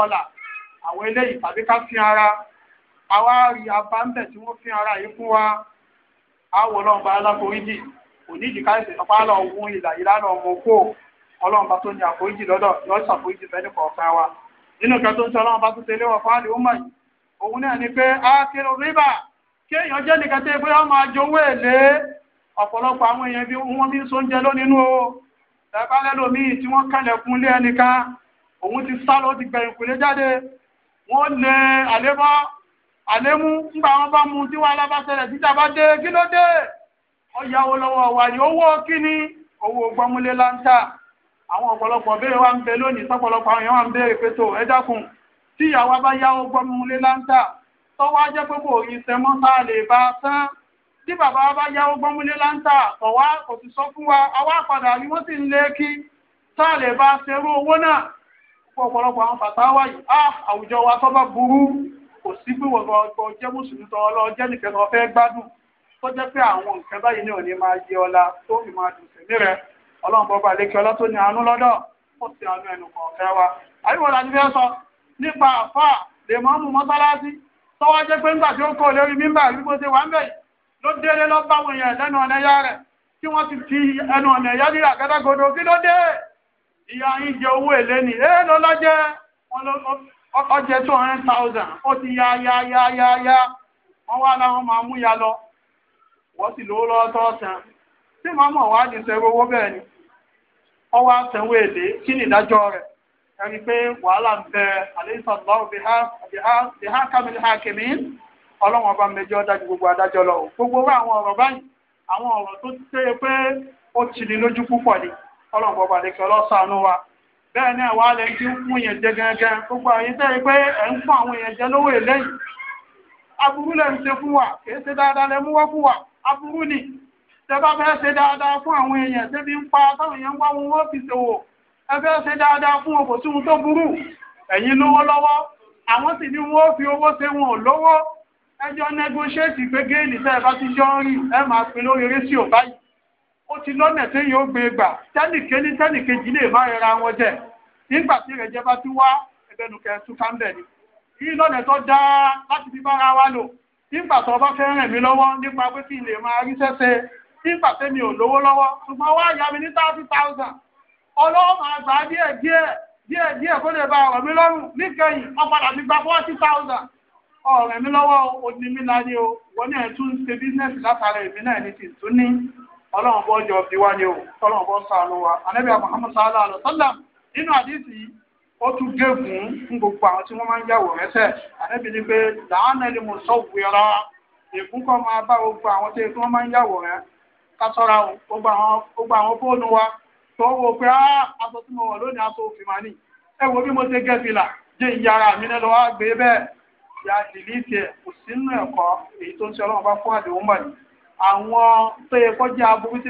onídìí káyọ̀sẹ̀ ọ̀pá lọ wún ìlà ìlànà ọmọ kó ọlọ́run bá tó ní àforíjì lọ́dọ̀ yọ ṣàforíjì fẹ́ nípa ọ̀fẹ́ wa nínú kan tó ń sọ ọlọ́run bá tó tẹ̀lé wọn fáàlì ó mọ̀ yìí òun náà ni pé ákérò rírà kí èèyàn jẹ́ nìkan tẹ́ pé wọ́n máa jowó èlé ọ̀pọ̀lọpọ̀ àwọn èèyàn bí wọ́n bí ń sóúnjẹ lónínú o tẹ̀pá lẹ́lòmíì tí wọ́n kálẹ̀kùn lé ẹnìkan òun ti sá lọ ti gbẹ̀yìn kùlé jáde wọ́n lè àlébọ́ àlémú ńgbà wọn bá mu tí wọ́n alábàṣẹlẹ̀ títà bá dé kí ló dé ọ̀yàwó lọ́wọ́ wa ní owó kíní owó gbọ́múlé láńtà àwọn ọ̀pọ̀lọpọ̀ béèrè wa ń bẹ lónìí sọ́pọ̀lọpọ̀ àwọn èèyàn wa ń béèrè pé tó ẹ dákun tí ìyàwó bá yáwó gbọ́múlé láńtà tọ́wọ́ á pé kò rí sẹ́mọ́ tá a lè bá tán tí bàbá bá yáwó gbọ́múlé láńtà ọ̀wá kò ti sọ fún wa awá padà ni wọ́n sì ń lé kí tá a lè bá a ṣerú owó náà ọ̀pọ̀lọpọ̀ àwọn fàtáwà yìí á àwùjọ wa tọ́ bá burú kò sí tó jẹ́ pé àwọn nǹkan báyìí ní òní máa yẹ ọlá tó fi máa dùn sẹ́mi rẹ̀ ọlọ́run lékè ọlá tó ní àánú lọ́dọ̀ ó ti àánú ẹnu wa. àyíwọ̀lá fẹ́ sọ nípa àfà lè mọ́ mú mọ́sálásí tọ́wọ́ jẹ́ pé ńgbà tí ó kọ́ lórí ṣe wà ń bẹ̀ ló délé lọ bá wọn yẹn lẹ́nu ọ̀nà ẹ̀yà rẹ̀ ti fi ẹnu ọ̀nà ẹ̀yà ní kí ló dé ìyá yín jẹ owó èlé ni ẹ lọ ya ya ya ya ya wọ́n wá láwọn ya lọ wọ́n sì lówó lọ́wọ́ tọ́ san tí màmú ọ̀wá ní sẹ́wọ́ owó bẹ́ẹ̀ ni ọwọ́ àtẹ̀wé èlé kí ni ìdájọ́ rẹ̀ ẹni pé wàhálà ń bẹ àlẹ́sàlọ́wọ́ bí mẹjọ dájú gbogbo adájọ́ lọ gbogbo àwọn ọ̀rọ̀ báyìí àwọn ọ̀rọ̀ tó tẹ́ pé ó ti ní lójú púpọ̀ ni ṣe fún wa ṣe aburú ni tẹ́bá fẹ́ ṣe dáadáa fún àwọn èèyàn tẹ́bí ń pa táwọn èèyàn ń wá wọn wọ́n fi ṣòwò ẹ fẹ́ ṣe dáadáa fún òkò tí wọn tó burú ẹ̀yin lówó lọ́wọ́ àwọn sì ní wọn ó fi owó ṣe wọn ò lówó ẹjọ́ nẹgọṣẹ́ẹ̀tì pé géèlì tẹ́ ẹ bá ti jọ ń rí ẹ máa pin lórí réṣíò báyìí ó ti lọ́nà tí yóò gbé gbà tẹ́nìkéní tẹ́nìkejì lè má rẹra wọn jẹ nígbà tí ìrẹ̀jẹ̀ bá ti wá ẹgbẹ́nukẹ́ tún ká ń bẹ̀ ni yìí lọ́nà tó dáa láti fi bára wa lò nígbà tó bá fẹ́ ràn mí lọ́wọ́ nípa pé kí n lè máa rí sẹ́sẹ́ nígbà tẹ́mi ò lówó lọ́wọ́ ṣùgbọ́n wá yá mi ní thirty thousand ọlọ́wọ́ máa gbà á díẹ̀ díẹ̀ díẹ̀ díẹ̀ kó lè ba ọ̀rọ̀ mi lọ́rùn níkẹyìn ọ̀padà ti gba forty thousand ọ̀rọ̀ mi lọ́wọ́ òní mi la ni o wọ́n ní ẹ̀tún ṣe bísínẹ́sì látara èmi náà ní ti ní ọlọ́run bọ́ jọ fi wá ni o ọlọ́run bọ́ sàánú wa anábìà Muhammad sallallahu alaihi wa sallam nínú ó tún gégùn fún gbogbo àwọn tí wọ́n máa ń yàwò rẹ́sẹ̀ àdébí ni pé làánà ni mo sọ wúyọrọ máa bá gbogbo àwọn tí wọ́n máa ń gbogbo àwọn fóònù wa tó wò pé aṣọ tí mo wọ̀ lónìí aṣọ òfin máa nì ẹ wo bí mo ṣe fìlà ìyára mi ya dìlítì ẹ̀ kò sínú ẹ̀kọ́ èyí tó ń ṣe bá fún àdéhùn àwọn tó yẹ kó aburú tí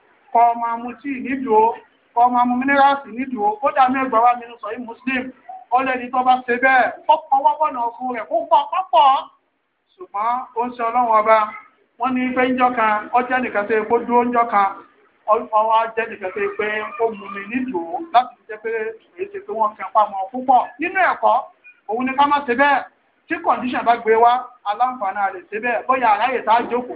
kọ́ máa mu tíì nídùú kọ́ máa mu mínírààsì nídùú ó dá mẹ́gbàá wá nínú sọ̀yìn muslim ó lẹ́ni tó bá ṣe bẹ́ẹ̀ ó pọ̀ wọ́pọ̀nà fún rẹ̀ kó pọ̀ pọ̀pọ̀ ṣùgbọ́n ó ń ṣe ọlọ́run ọba wọ́n ní pé ń jọ́ka ọjọ́ nìkan tó yẹ kó dúró ń jọ́ka ọwọ́ ajẹ́ nìkan tó yẹ pé ó mú mi nídùú láti fi jẹ́ pé èyí ṣe pé wọ́n kẹ́ pamọ́ púpọ̀ nínú ẹ̀kọ́ òun ni ká má ṣe bẹ́ẹ̀ tí kọ̀ǹdíṣàn bá gbé wá aláǹfààní àlè ṣe bẹ́ẹ̀ bóyá aráyè tá a jókòó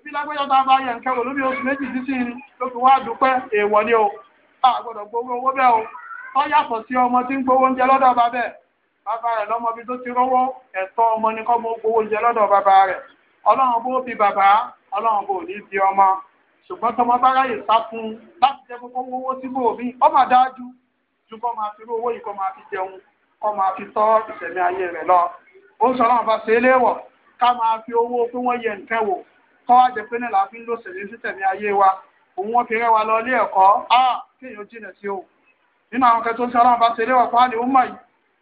ibi lágbẹ́jọ́ tá a bá yẹ nǹkan wò lóbi oṣù méjì títí ló fi wá dúpẹ́ èèwọ̀ ni o a gbọ́dọ̀ gbowó owó bẹ́ẹ̀ o tó yàtọ̀ sí ọmọ tí ń gbowó oúnjẹ lọ́dọ̀ bàbá ẹ̀ bàbá rẹ̀ lọ́mọ bí tó ti rówó ẹ̀tọ́ ọmọ ni kọ́ mọ́ gbowó oúnjẹ lọ́dọ̀ bàbá rẹ̀ ọlọ́run bó bí bàbá ọlọ́run bó ní bí ọmọ ṣùgbọ́n tọmọ bá ráyè sá fún un láti jẹ́ kókó owó tí kò rí ọ mà tọ́wá jẹ pé náà láàfin ló ṣèlérí sí tẹ̀mí ayé wa òun wọn fi rẹwà lọ ilé ẹ̀kọ́ kéèyàn jìnà sí o nínú àwọn kẹtọ́ sí ọlọ́run bá ṣe léwọ̀ fún àlè ọmọ yìí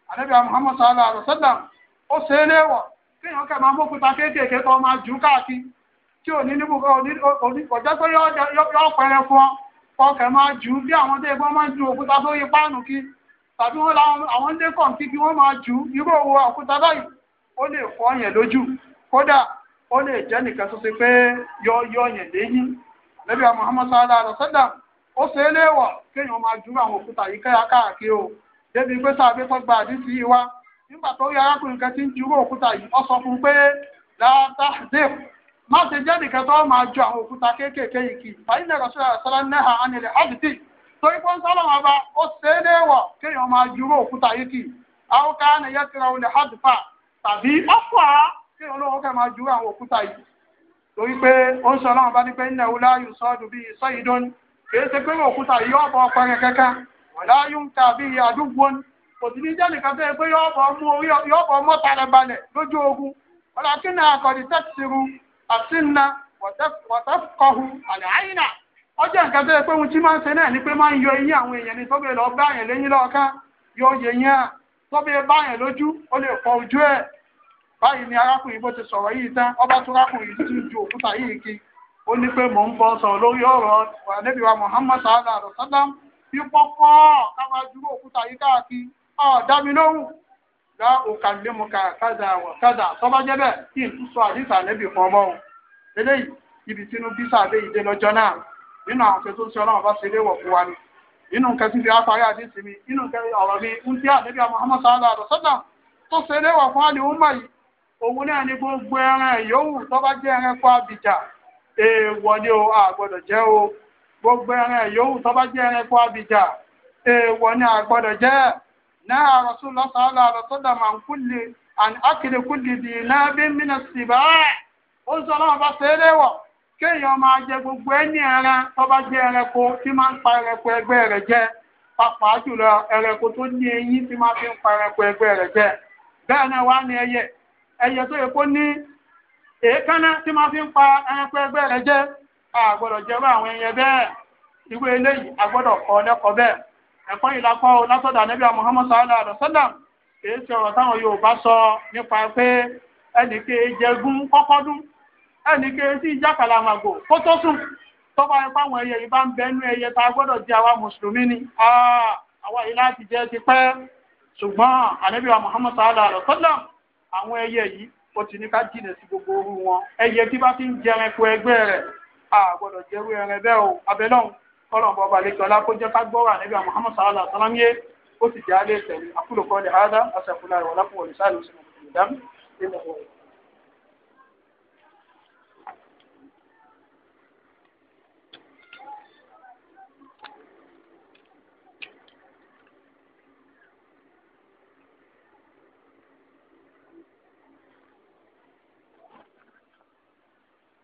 ànábì Muhammad sallallahu alaihi ó ṣe é léwọ̀ kéèyàn kẹ́ máa mọ́kúta kéékèèké tó máa jù káàkiri tí ò ní níbù ọjọ́ pé yọ pẹrẹ fún ọ ọkẹ̀ máa jù bí àwọn tó kí wọ́n ó lè jẹ́ nìkan tó ṣe pé yọ yọ yẹn léyìn lẹ́bí àwọn Muhammad sallallahu alaihi wasallam ó ṣe é léwọ̀ kéèyàn máa àwọn òkúta yìí kẹ́yà káàkiri o débi pé sáàbí tó gba àdísí yìí wá nígbà tó rí arákùnrin kan tí ń ju òkúta yìí ó sọ fún pé má ju àwọn òkúta kéékèèké yìí kì fàyínlẹ̀ rọ̀ṣọ́lá sọ́lá nẹ́hà ánilẹ̀ ábìtì torí pé ń wọn bá ó ṣe é léwọ̀ kéèyàn máa òkúta yìí kì nìyẹn ti kí olóhùn kẹ́ máa ju àwọn òkúta yìí torí pé ó ń sọ ọlọ́run bá ní pé ńlẹ̀ wúláyù sọ́ọ̀dù bíi sọ́yìndón kìí ṣe pé òkúta yìí yóò bọ ọpẹrẹ kẹ́kẹ́ wọ̀láyù ń ta bíi àdúgbò kò sì ní jẹ́ nìkan bẹ́ẹ̀ pé yóò bọ mú orí yóò bọ mọ́ta rẹ̀ balẹ̀ lójú ogun ọlá kí ni àkọ́dí tẹ́tìrú àtìnà wọ̀tẹ́kọ̀hù àdáyìnà ọjọ́ nǹkan bẹ́ẹ̀ pé ohun tí máa ń ṣe náà ni pé máa ń yọ eyín àwọn èèyàn ni tó bẹ́ẹ̀ lọ bá àyàn lẹ́yìn lọ́ọ̀ká yóò yẹ yẹn tó bẹ́ẹ̀ bá àyàn lójú ó lè fọ ojú ẹ̀ báyìí ni arákùnrin bó ti sọ̀rọ̀ yìí tán ọba tó rákùnrin tí ju òkúta yìí kí ó ní pé mò ń bọ́ sọ lórí ọ̀rọ̀ ànẹ́bíwá Muhammad sallallahu alaihi wa sallam bí pọ́pọ́ káwá dúró òkúta yìí káàkiri ọ̀ kádà wọ̀ kádà tọ́ba kí n tún sọ àdìsá ànẹ́bí ibi tínú bísà lé ìdè lọ́jọ́ náà nínú àwọn tó mi wa òun náà ni gbogbo ẹran yòówù tó bá jẹ́ ẹran fún abìjà èèwọ̀ ni o àgbọ̀dọ̀ o gbogbo ẹran yòówù tó bá jẹ́ ẹran fún abìjà ni náà náà bí ó ń jẹ gbogbo ẹni ẹran tó bá ẹranko tí máa ń pa ẹranko ẹgbẹ́ rẹ̀ jẹ pàápàá jùlọ ẹranko tó ní eyín tí máa fi ń pa ẹranko ẹgbẹ́ jẹ náà wá ní ẹyẹ tó yẹ kó ní èékánná tí máa fi ń pa ẹranko ẹgbẹ́ rẹ̀ jẹ́ àgbọ̀dọ̀ jẹ́rú àwọn ẹyẹ bẹ́ẹ̀ irú eléyìí àgbọ̀dọ̀ kọ́ lẹ́kọ̀ọ́ bẹ́ẹ̀ ẹ̀kọ́ yìí la kọ́ látọ̀dọ̀ ànábì Muhammad sallallahu alaihi ṣe ọ̀rọ̀ táwọn Yorùbá sọ nípa pé ẹnìkè jẹgún kọ́kọ́dún ẹnìkè sí jákàlàmàgò kó tó sùn tọ́ba ẹ̀kọ́ àwọn ẹyẹ yìí bá ń ẹyẹ tá a gbọ́dọ̀ àwa mùsùlùmí ni àwa yìí láti jẹ́ ti pẹ́ ṣùgbọ́n àwọn ẹyẹ yìí ó ti ní ká jìnà sí gbogbo orú wọn ẹyẹ tí bá ti ń jẹ ẹranko ẹgbẹ́ rẹ̀ a gbọ́dọ̀ jẹ́rú ẹran bẹ́ẹ̀ o abẹ́lọ́hùn kọ́lọ̀ bọ́ balẹ̀ kí ọlá kó jẹ́ ká Muhammad sallallahu alaihi wasallam yé ó sì jẹ́ alẹ́ tẹ̀lé àkúlò kọ́lẹ̀ hádà àṣàkúlà ìwọ̀lápọ̀ olùsáàlù sínú ìdám nínú ọ̀rọ̀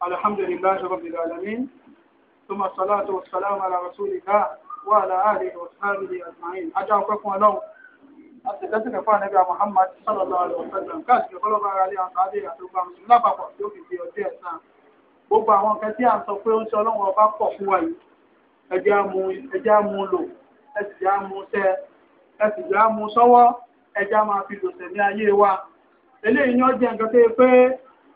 الحمد لله رب العالمين ثم الصلاة والسلام على رسول الله وعلى آله وصحبه أجمعين أجعل كفوا لهم أتذكر فان نبي محمد صلى الله عليه وسلم كاسك قلوب عليه عن صحابه أتوقع مسلم لا بقى يوكي في أجيه سام gbogbo àwọn nǹkan tí à ń sọ pé ó ń sọ ọlọ́run ọba pọ̀ fún wa yìí ẹjẹ́ á mú lò ẹsì á mú sẹ ẹsì á mú sọ́wọ́ ẹjẹ́ á máa fi lò sẹ̀mí ayé wa eléyìí ni ó jẹ́ nǹkan tó yẹ pé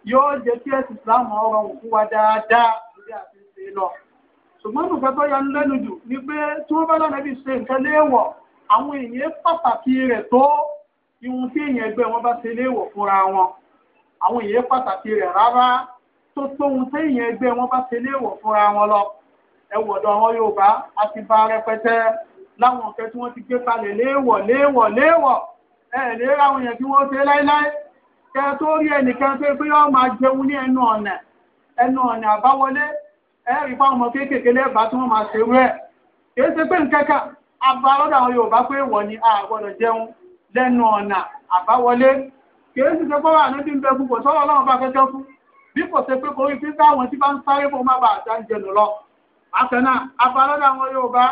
yóò jẹ́ kí ẹ̀sìn Islam ọ̀rọ̀ òkú wa dáadáa lórí àti ṣe lọ. ṣùgbọ́n nǹkan tó yanu lẹ́nu jù ni pé tí wọ́n bá lọ́nàbí ṣe nǹkan léèwọ̀ àwọn èèyàn pàtàkì rẹ̀ tó ihun tí èèyàn ẹgbẹ́ wọn bá ṣe léèwọ̀ fúnra wọn àwọn èèyàn pàtàkì rẹ̀ rárá tó tó ohun tí èèyàn ẹgbẹ́ wọn bá ṣe léèwọ̀ fúnra wọn lọ ẹ wọ̀dọ̀ àwọn Yorùbá a ti ba rẹpẹtẹ láwọn nǹkan tí wọ́n ti gbé kalẹ̀ léèwọ̀ léèwọ̀ léèwọ̀ ẹ̀ lè ra àwọn èèyàn tí wọ́n ṣe láéláé kẹ tó rí ẹnìkan pé pé máa jẹun ní ẹnu ọ̀nà ẹnu ọ̀nà àbáwọlé ẹ̀rí fáwọn ọmọ kéékèèké lẹ́bàá tí wọ́n máa ṣe rú ẹ̀ ṣe pé kan àwọn Yorùbá pé ni a gbọ́dọ̀ jẹun lẹ́nu ọ̀nà àbáwọlé kì í sì ṣe pé wà níbi ń bẹ gbogbo sọ́wọ́ ọlọ́run bá kẹ́kẹ́ fún bí kò ṣe pé kò rí pé tí bá ń sáré fún má bàa dá ń jẹnu lọ bákan náà àwọn Yorùbá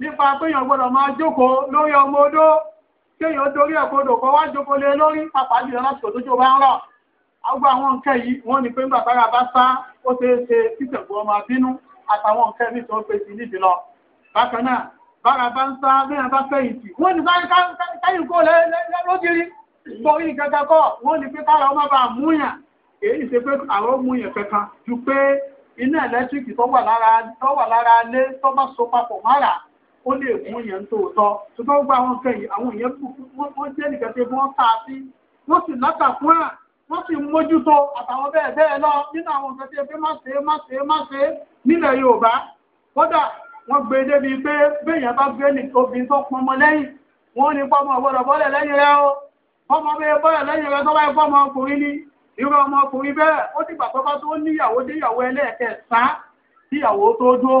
nípa máa jókòó lórí ọmọ kéèyàn dorí ẹ̀kọ́dọ̀ kọ́ wá jókòó lé lórí pàápàá jùlọ láti kò tójú bá ń rọ̀ àgbà àwọn nǹkan yìí wọ́n ní pé ń bàbára bá sá ó ṣeé ṣe títẹ̀kù ọmọ abínú àtàwọn nǹkan mi tó ń pèsè nídìí lọ bákan náà bára bá ń sá bí wọn bá fẹ̀yìntì wọ́n ní sáré káyìn kó lójúrí torí ìkẹta kọ́ wọ́n ní pé kára ọmọ bá múyàn èyí ṣe pé àwọn múyàn kankan ju pé iná ẹ̀lẹ́tíríkì tó wà lára lé tó bá so papọ̀ mára ó lè fún èèyàn tòótọ́ ṣùgbọ́n gbogbo àwọn nǹkan yìí àwọn èèyàn wọ́n jẹ́ nìkan tí wọ́n ta sí wọ́n sì látàkún ẹ̀ wọ́n sì mójútó àtàwọn bẹ́ẹ̀ bẹ́ẹ̀ lọ nínú àwọn nǹkan tí ẹ fi má ṣe má ṣe má ṣe nílẹ̀ Yorùbá kódà wọ́n gbé débi pé béèyàn bá gbé obìnrin tó pọn ọmọ lẹ́yìn wọ́n ní pọ́mọ ọgbọ́dọ̀ bọ́lẹ̀ lẹ́yìn rẹ o pọ́mọ bẹ́ẹ̀ bọ́lẹ̀ lẹ́yìn rẹ tó bá yẹ pọ́mọ ọkùnrin ni irú ọmọkùnrin bẹ́ẹ̀ ó ti gbàgbọ́ bá tó níyàwó déyàwó ẹlẹ́ẹ̀kẹ́ sá tíyàwó tó dúró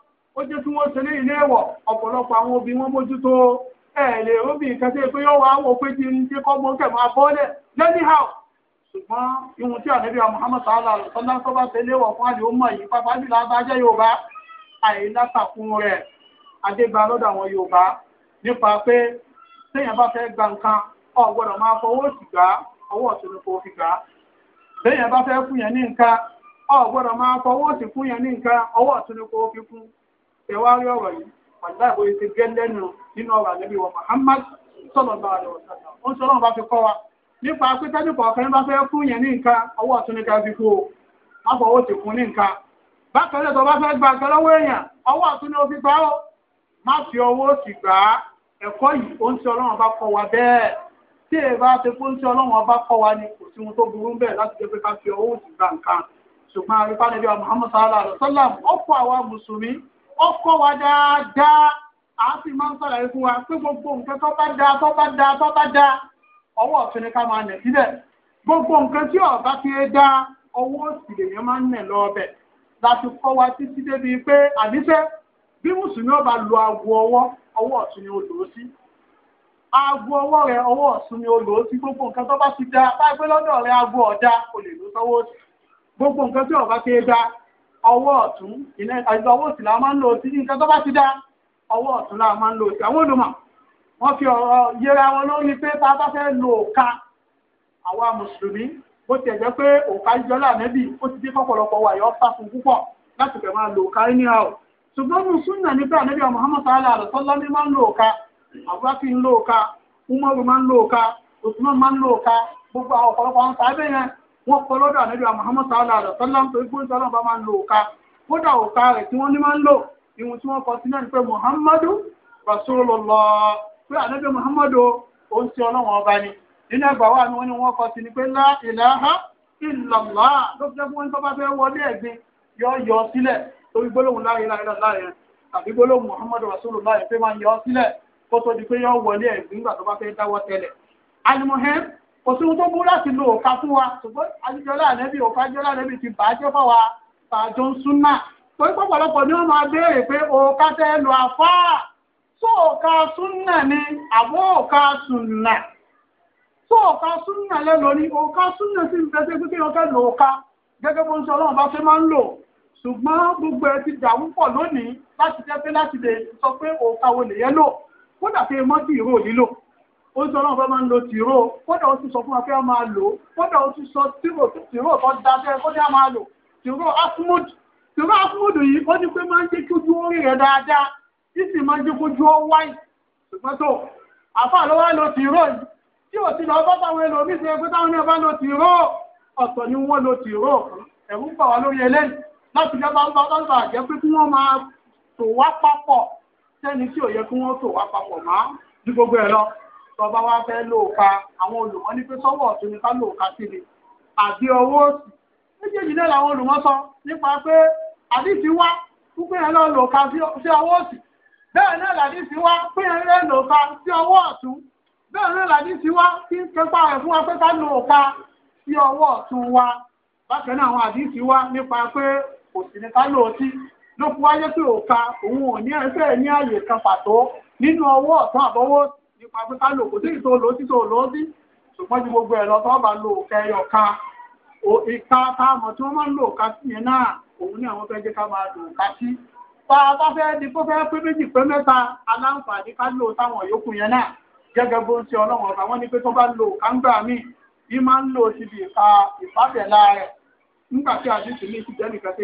ó jẹ́ kí wọ́n ṣe ní ilé ẹ̀wọ̀ ọ̀pọ̀lọpọ̀ àwọn obì wọn mójútó ẹ̀ẹ́lẹ̀ obì nǹkan tẹ́ pé yóò wá wọ pé ti ń dé kọ́gbọ́n kẹ̀ máa bọ́ọ̀lẹ̀ lẹ́nìhàù ṣùgbọ́n ihun tí ànábì Muhammad sallallahu alaihi wasallam tó bá tẹ̀lé wọ̀ fún àlè ọmọ yìí pápá gba nǹkan ọ gbọ́dọ̀ máa fọwọ́ ọwọ́ kò fi téèyàn bá fẹ́ fún yẹn ní nǹkan gbọ́dọ̀ máa fọwọ́ ẹ̀wárí ọ̀rọ̀ yìí pàdé àbò yìí ti gẹ́ lẹ́nu nínú ọ̀rọ̀ àlẹ́bí wa Muhammad sallallahu alaihi wasallam ó ń sọ bá fi kọ́ wa nípa ọ tẹ́lifọ̀ bá fẹ́ fún yẹn ní nǹkan ọwọ́ ọ̀tún ní ká fi kú o má fọwọ́ ti fún ní nǹkan tó bá fẹ́ gba èèyàn ọwọ́ ọ̀tún ó kọ́ wa dáadáa a sì máa ń sọ̀rọ̀ ikú wa pé gbogbo nǹkan tó bá dáa tó bá dáa tó bá dáa ọwọ́ ọ̀fin ni ká máa nẹ̀ sílẹ̀ gbogbo nǹkan tí ọ̀bá ti dá ọwọ́ òsì lèèyàn máa ń nẹ̀ lọ ọbẹ̀ láti kọ́ wa títí débi pé àníṣe bí mùsùlùmí ọba lo aago ọwọ́ ọwọ́ ọ̀tún ni ó lò ó sí aago ọwọ́ rẹ ọwọ́ ọ̀tún ni ó lò ó sí gbogbo nǹkan tó bá ti dá báyìí pé lọ́dọ̀ rẹ aago ọ̀dá o lè lò sọ́wọ́ gbogbo nǹkan tí ọba ti dá ọwọ́ ọ̀tún ìná àjọ ọwọ́ òsì la máa ń lò sí nǹkan tó bá ti dá ọwọ́ ọ̀tún la máa ń lò sí àwọn olùmọ̀ wọ́n fi ọ̀rọ̀ yẹra wọn lórí pé tá a bá fẹ́ lo òka àwa mùsùlùmí bó ti ẹ̀jẹ̀ pé òka jọlá nẹ́bì ó ti dé kọ́pọ̀lọpọ̀ wà yọ fà fún púpọ̀ láti fẹ́ máa lo òka ní àwọ̀ ṣùgbọ́n ànẹ́bí máa ń lo òka Umaru máa ń lo òka wọ́n kọ́ lọ́dọ̀ ànábì wa Muhammad sallallahu alaihi wasallam nítorí pé sọ́lá bá máa ń lo òka kódà òka rẹ̀ tí wọ́n ní máa ń lò ìwọ̀n tí wọ́n kọ sí náà ni pé Muhammadu Rasulullah pé ànábì Muhammadu ó ń ṣe ọlọ́wọ́n ọba ni nínú ẹgbà wa ni wọ́n ní wọ́n kọ sí ni pé la ilaha illallah ló fi jẹ́kú wọn tó bá fẹ́ wọlé ẹ̀gbin yọ yọ sílẹ̀ torí gbólóhùn la ilaha illallah yẹn àbí gbólóhùn Muhammadu Rasulullah yẹn pé máa yọ sílẹ̀ kó tó di pé yọ wọlé ẹ̀gbin nígbà tó bá fẹ́ dáwọ́ tẹ̀lẹ̀ alimuhem kò sí ohun tó burú láti lo òka fún wa ṣùgbọ́n àjíjọlá ànẹ́bí òka jọlá ànẹ́bí ti bàá jẹ́ fáwa bàjọ́ ń súnmà torí pọ̀pọ̀lọpọ̀ ni wọ́n máa béèrè pé òka tẹ́ lọ àfáà tó òka súnà ni àbọ̀ òka súnà tó òka súnà lẹ́nu ní òka súnà sì ń fẹsẹ̀ pé kí wọ́n fẹ́ lo òka gẹ́gẹ́ bó ń sọ ọlọ́run bá fẹ́ máa ń lò ṣùgbọ́n gbogbo ẹ ti dàrú pọ̀ lónìí láti jẹ́ pé láti lè sọ pé òka wo lè yẹ lò kódà pé mọ́tì ó sọ náà fẹ́ máa ń lo tìró kódà ó ti sọ fún wa pé a máa lò ó kódà ó ti sọ tìró tìró tó da bẹ́ẹ̀ kódà a máa lò tìró afúmúd tìró afúmúd yìí ó ní pé máa ń jẹ́ kójú orí rẹ̀ dáadáa tí sì máa ń jẹ́ kójú ó wáyì ṣùgbọ́n tó àfa ló wá lo tìró yìí tí ò sí lọ bá táwọn ẹlòmíì ṣe pé táwọn náà bá lo tìró ọ̀tọ̀ ni wọ́n lo tìró ẹ̀rú bà wá lórí eléyìí láti jẹ́ bá bá bá jẹ́ pé kí wọ́n máa tò wá papọ̀ sẹ́ni tí ò yẹ kí wọ́n tò tọba wa fẹ́ lò ka àwọn olùmọ̀ ní pé sọ́wọ́ ọ̀tún ni ká lò ka sí ni àbí ọwọ́ òsì méjèèjì náà làwọn olùmọ̀ sọ nípa pé àdìsí wá pípé yẹn lọ lò sí ọwọ́ òsì bẹ́ẹ̀ náà làdìsí wá pé yẹn lọ lò sí ọwọ́ ọ̀tún bẹ́ẹ̀ náà làdìsí wá kí n kẹ́pà rẹ̀ fún wa pé ká lò sí ọwọ́ ọ̀tún wa bákan náà àwọn àdìsí wá nípa pé òsì ni ká lò ló fi wáyé pé òka òun ò ní ẹsẹ̀ ní àyè kan pàtó nínú ọwọ́ ọ̀tún àbọ̀wọ́ òsì nípa pé ká lò kò sí ìtò lò sí ṣùgbọ́n ju gbogbo ẹ̀ lọ tó bá lo òkè ẹyọ ká ìka táàmù tí wọ́n máa ń lo ká sí yẹn náà òun ní àwọn fẹ́ẹ́ jẹ́ ká máa lò sí. a bá fẹ́ di pé fẹ́ẹ́ pé méjì pé mẹ́ta aláǹfààní ká lò lo kángbà míì bí máa ń lò síbi ìka ìfàbẹ̀lá rẹ̀ nígbà tí àdìsí ní nìkan ṣe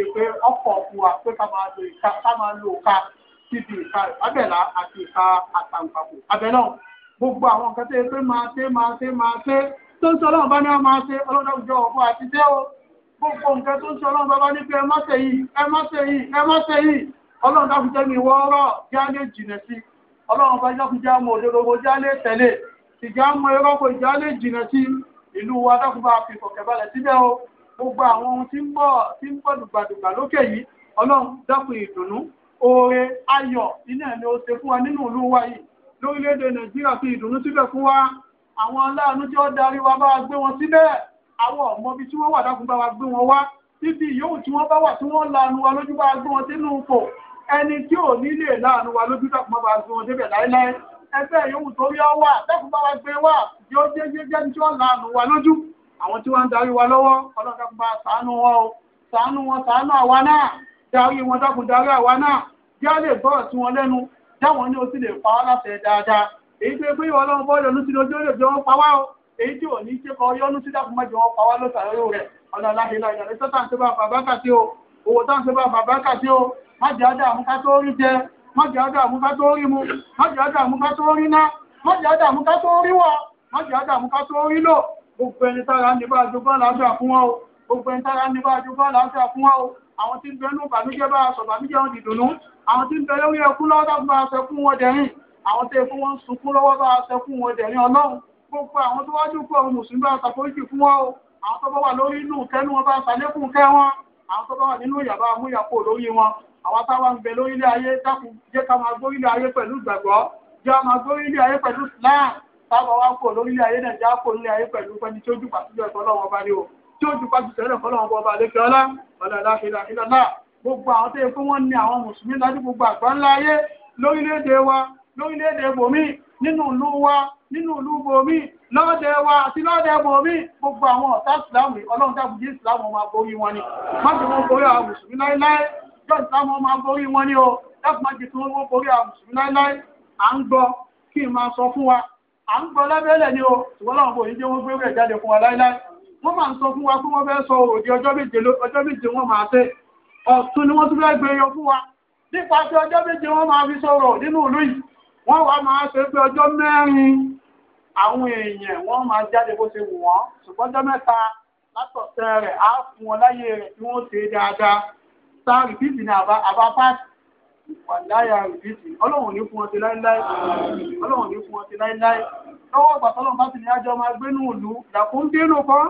síbi ìka ìfábẹ̀lá àti ìka àtàǹpàkò abẹ́lọ́ gbogbo àwọn nǹkan tẹ́ pé máa ṣe máa ṣe máa ṣe tó ń sọ ọlọ́run bá ní a máa ṣe ọlọ́dọ̀ òjò ọ̀pọ̀ àti dé o gbogbo nǹkan tó ń sọ ọlọ́run bá bá ní pé ẹ má ṣe yìí ẹ má ṣe yìí ẹ má ṣe yìí ọlọ́run dákúnjẹ́ mi wọ́ ọ́rọ̀ já lè jìnà sí ọlọ́run bá dákúnjẹ́ àmọ́ òdodo já lè tẹ̀lé ìjà àmọ́ ẹ̀rọ kò já lè jìnà sí ìlú wa dákúnbá fi kọ̀kẹ́ balẹ̀ síbẹ̀ o gbogbo àwọn ohun tí ń bọ̀ tí ń bọ̀ dùgbàdùgbà lókè yìí ọlọ́run dákun ìdùnnú oore ayọ̀ iná ni ó ṣe fún wa nínú ìlú wa yìí lórílẹ̀‐èdè nàìjíríà fi ìdùnnú síbẹ̀ fún wa àwọn aláàánú tí wọ́n darí wa bá gbé wọn síbẹ̀ àwọn ọ̀mọbi tí wọ́n wà dákun bá wa gbé wọn wá títí yòówù tí wọ́n bá wà tí wọ́n láàánú wa lójú bá gbé wọn sínú ipò ẹni tí ò ní lè láàánú wa lójú dákun bá wa gbé wọn débẹ̀ láéláé ẹgbẹ́ yòówù tó rí ọ wà dákun bá wa gbé wà yóò jẹ́ jẹ́jẹ́ tí wọ́n láàánú wa lójú àwọn tí wọ́n ń darí wa lọ́wọ́ ọlọ́dàkùn bá wọn o wọn ṣàánú àwa náà darí wọn dákun darí àwa náà já lè gbọ́rọ̀ sí wọn lẹ́nu dáwọn ní o sì lè pa ọ́ láṣẹ dáadáa èyí tó pé ìwọ ọlọ́run bọ́ọ̀lù ọdún sí lójú ó lè jẹ wọn pa wá o èyí tí ò ní ṣe kọ yọnu sí dákun mọ́jọ wọn pa wá lọ́sàáyọ́ rẹ̀ ọ̀nà aláhìlá ìyàrá iṣẹ́ tá o owó tá à ń ṣe bá bàbá kàtí o má jẹ́ àdá àmúká tó rí jẹ má jẹ́ àdá àmúká tó rí mu má jẹ́ àdá àmúká tó rí ná má jẹ́ àdá àmúká tó rí wọ̀ má jẹ́ àdá àmúká tó rí lò gbogbo ẹni tára ní bá a jogún àlàáfíà fún wọn o gbogbo ẹni tára ní bá a jogún àlàáfíà fún wọn o àwọn tí ń bẹ nú bànújẹ́ bá aṣọ bànújẹ́ wọn dìdùnú àwọn tí ń bẹ lórí ẹkún lọ́wọ́ dábò bá aṣọ fún wọn dẹ̀rín àwọn tí èkó wọn ń sunkún lọ́wọ́ bá aṣọ fún wọn dẹ̀rín ọlọ́run gbogbo àwọn tó wájú kú ọ̀run mùsùlùmí bá ṣàforíjì fún wọn o àwọn tó bá wà lórí inú kẹnu wọn bá ṣàlékún kẹ wọn àwọn tó bá wà nínú ìyàbá amúyàpò lórí wọn àwọn táwa ń bẹ lórílẹ̀ ayé dákun jẹ́ ká máa gbórílẹ̀ ayé pẹ̀lú ìgbàgbọ́ jẹ́ ká máa gbórílẹ̀ ayé pẹ̀lú Islam táwa wá kò lórílẹ̀ ayé náà jẹ́ àkó lórílẹ̀ ayé pẹ̀lú pẹ́ni tí ó jù pàṣípẹ́ tí ó ju pàṣẹ tẹ́lẹ̀ fọlọ́wọ́n ọba àlékè ọlá ọlọ́lá ìlà ìlà náà gbogbo àwọn tó yẹ pé wọ́n ní àwọn mùsùlùmí lájú gbogbo àgbá ńlá ayé lórílẹ̀‐èdè wa lórílẹ̀‐èdè bòmí nínú ìlú wa nínú ìlú bòmí lọ́dẹ wa àti lọ́dẹ bòmí gbogbo àwọn ọ̀tá ìsìlámù ọlọ́run dàbùjí ìsìlámù ọmọ aborí wọn ni má ti wọ́n borí àwọn mùsùlùmí láéláé lọ́dẹ ìsìlámù ọmọ aborí wọn ni o láti má ti tún wọ́n borí àwọn mùsùlùmí láéláé à ń gbọ́ kí n máa sọ fún wa à ń gbọ́ lábẹ́lẹ̀ ni o ṣùgbọ́n láwọn bòyí jẹ́ wọ́n gbé rẹ̀ jáde fún wa láéláé wọ́n máa sọ fún wa pé wọ́n fẹ́ sọ òde ọjọ́ méje ọjọ́ méje wọ́n máa tẹ́ ọ̀tún ni wọ́n tún fẹ́ gbé yọ fún wa nípa pé ọjọ́ méje wọ́n máa fi sọ̀rọ̀ nínú ìlú yìí wọ́n wá máa ṣe pé ọjọ́ mẹ́rin àwọn èèyàn wọ́n máa jáde bó ṣe wù wọ́n ṣùgbọ́n ọjọ́ mẹ́ta látọ̀tẹ̀ rẹ̀ á fún wọn láyé rẹ̀ tí wọ́n ṣe dáadáa sáà rìbíìtì ní àbá pàṣẹ wàláyà rìbìtì ọlọ́run ní fún ọtí láíláí ọlọ́run ní fún ọtí láíláí lọ́wọ́ ìgbà tọ́lọ́run ti ní ájọ́ máa gbénú ìlú làkúndínú kan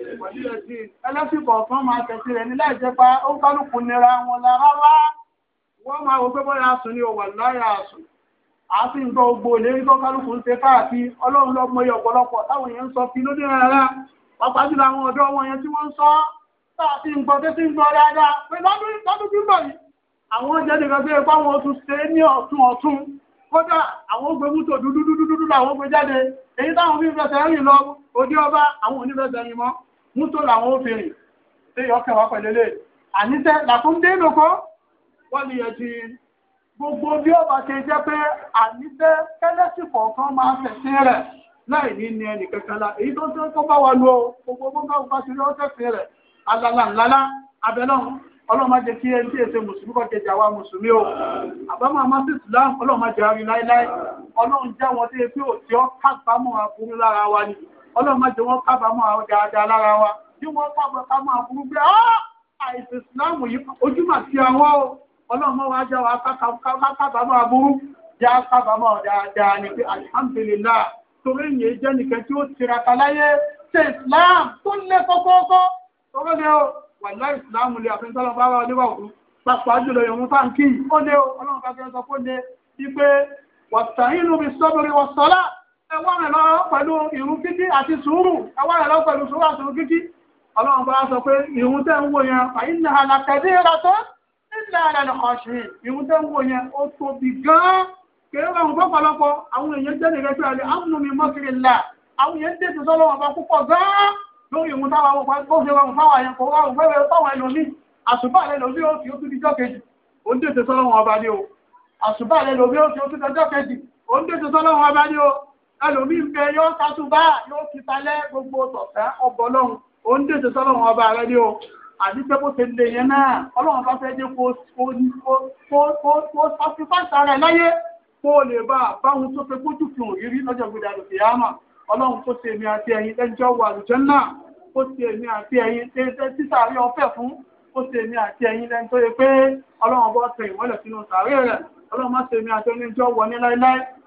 ẹlẹ́sìn kọ̀ọ̀kan máa tẹ̀sí rẹ̀ ní láìjẹ́ pa ó ń kálukú nira wọn la rárá wọ́n máa wọ pé bọ́lá sùn ni òwà láyà sùn àti nǹkan ògbò lérí tó kálukú ń ṣe káàkiri ọlọ́run lọ́gbọ́n yẹ ọ̀pọ̀lọpọ̀ táwọn èèyàn ń sọ fi lóde rárá pàpà jùlọ àwọn ọ̀dọ́ wọn yẹn tí wọ́n ń sọ táàtì ń gbọ́ ń gbọ́ dáadáa pé lọ́dún tí ń bọ̀ yìí àwọn oúnjẹ nìkan tó yẹ pé oṣù ṣe ní ọ̀tún ọ̀tún kódà àwọn ògbé mú tò dúdú dúdú làwọn ògbé jáde èyí táwọn onífẹsẹ̀ rìn lọ òde ọba àwọn onífẹsẹ̀ rìn mọ́ nítorí àwọn obìnrin tí yọ kẹwà pẹ̀lélé àníṣẹ́ làkúndé lóko wọ́n lè yẹ ti gbogbo bí ó bá ṣe jẹ́ pé àníṣẹ́ kẹ́lẹ́sì kọ̀ọ̀kan máa tẹ̀sìn rẹ̀ láì ní ní ẹnì kẹkẹlá èyí tó tẹ́ kó bá wa lu gbogbo bó bá bá ṣe rí ọ́tẹ̀sìn rẹ̀ alala ńlala abẹ́lọ́ ọlọ́mọdé kí ẹni tí èsè mùsùlùmí kọ́ kẹjà wa mùsùlùmí o àbámọ́ àmọ́ sí ìsìlámù ọlọ́mọdé àrí láéláé ọlọ́run já wọn dé pé òtí ọ́ kábàámọ̀ aburú lára wa ni ọlọ́run má jẹ́ wọ́n kábàámọ̀ àwọn dáadáa lára wa bí wọ́n pàbọ̀ ká máa burú pé àìsàn ìsìláàmù yìí ojúmọ̀ sí àwọn o ọlọ́run mọ́ wá jẹ́ wa kábàámọ̀ aburú já kábàámọ̀ dáadáa ni pé alhamdulillah torí ìyẹn jẹ́ nìkan tí ó tiraka láyé ṣe islam tó lé kọ́kọ́ọ́kọ́ tọ́wọ́ ni ó wà láì islam lè àfihàn bá wà níwà òkú pàápàá jùlọ ìrún fáńkì ó lé ọlọ́run bá sọ fún ni wípé wàtàhínú mi sọ́bìrì wọ̀ sọ́lá ẹ wá rẹ̀ lọ́wọ́ pẹ̀lú ìrun kíkí àti sùúrù ẹ wá rẹ̀ lọ́wọ́ pẹ̀lú sùúrù àti ìrun kíkí ọlọ́run bá sọ pé ìrun tẹ́ ń wò yẹn fàyín náà làkàdé ra tó nílẹ̀ rẹ̀ lọ́kọ̀ ṣe ìrun tẹ́ ń wò yẹn ó tóbi gan-an kéré bá wọn pọ̀pọ̀lọpọ̀ àwọn èèyàn jẹ́ nìkan tó yàrá àmúnú mi mọ́kiri là àwọn èèyàn dé tuntun lọ́wọ́ bá púpọ̀ gan-an lórí ìrun táwọn fáwọn yẹn kò wá òwúrẹ́ fáwọn ẹlòmíì àṣùbà rẹ̀ lórí ó fi ó tún di jọ́ kejì ó ń dètè sọ́lọ́wọ́n ọba ní o àṣùbà rẹ̀ lórí ó fi ó tún di jọ́ kejì ó ń dètè sọ́lọ́wọ́n ọba ní o ẹlòmíì ń bẹ yóò ṣàtúbà yóò fi talẹ́ gbogbo tọ̀fẹ́ ọgbọ́lọ́hún ó ń dèjì sọ́lọ́hún ọba rẹ ní o àti pé bó ṣe lè yẹn náà ọlọ́run bá fẹ́ jẹ́ kó sacrifice rẹ̀ láyé kó o lè bá báwọn tó fẹ́ kójú fi hàn rírí lọ́jọ́ gbọdọ̀ àlùfẹ́ yàmà ọlọ́run kó ṣe èmi àti ẹ̀yin lẹ́jọ́ wà lùjọ́ náà kó ṣe èmi àti ẹ̀yin títà rí ọfẹ́ fún ó ṣe èmi àti ẹ̀yin lẹ́ni tó yẹ pé ọlọ́run bọ́ tẹ ìwọ́lẹ̀ sínú sàárè rẹ̀ ọlọ́run má ṣe èmi àti ẹ̀yin lẹ́jọ́ wọ ní láéláé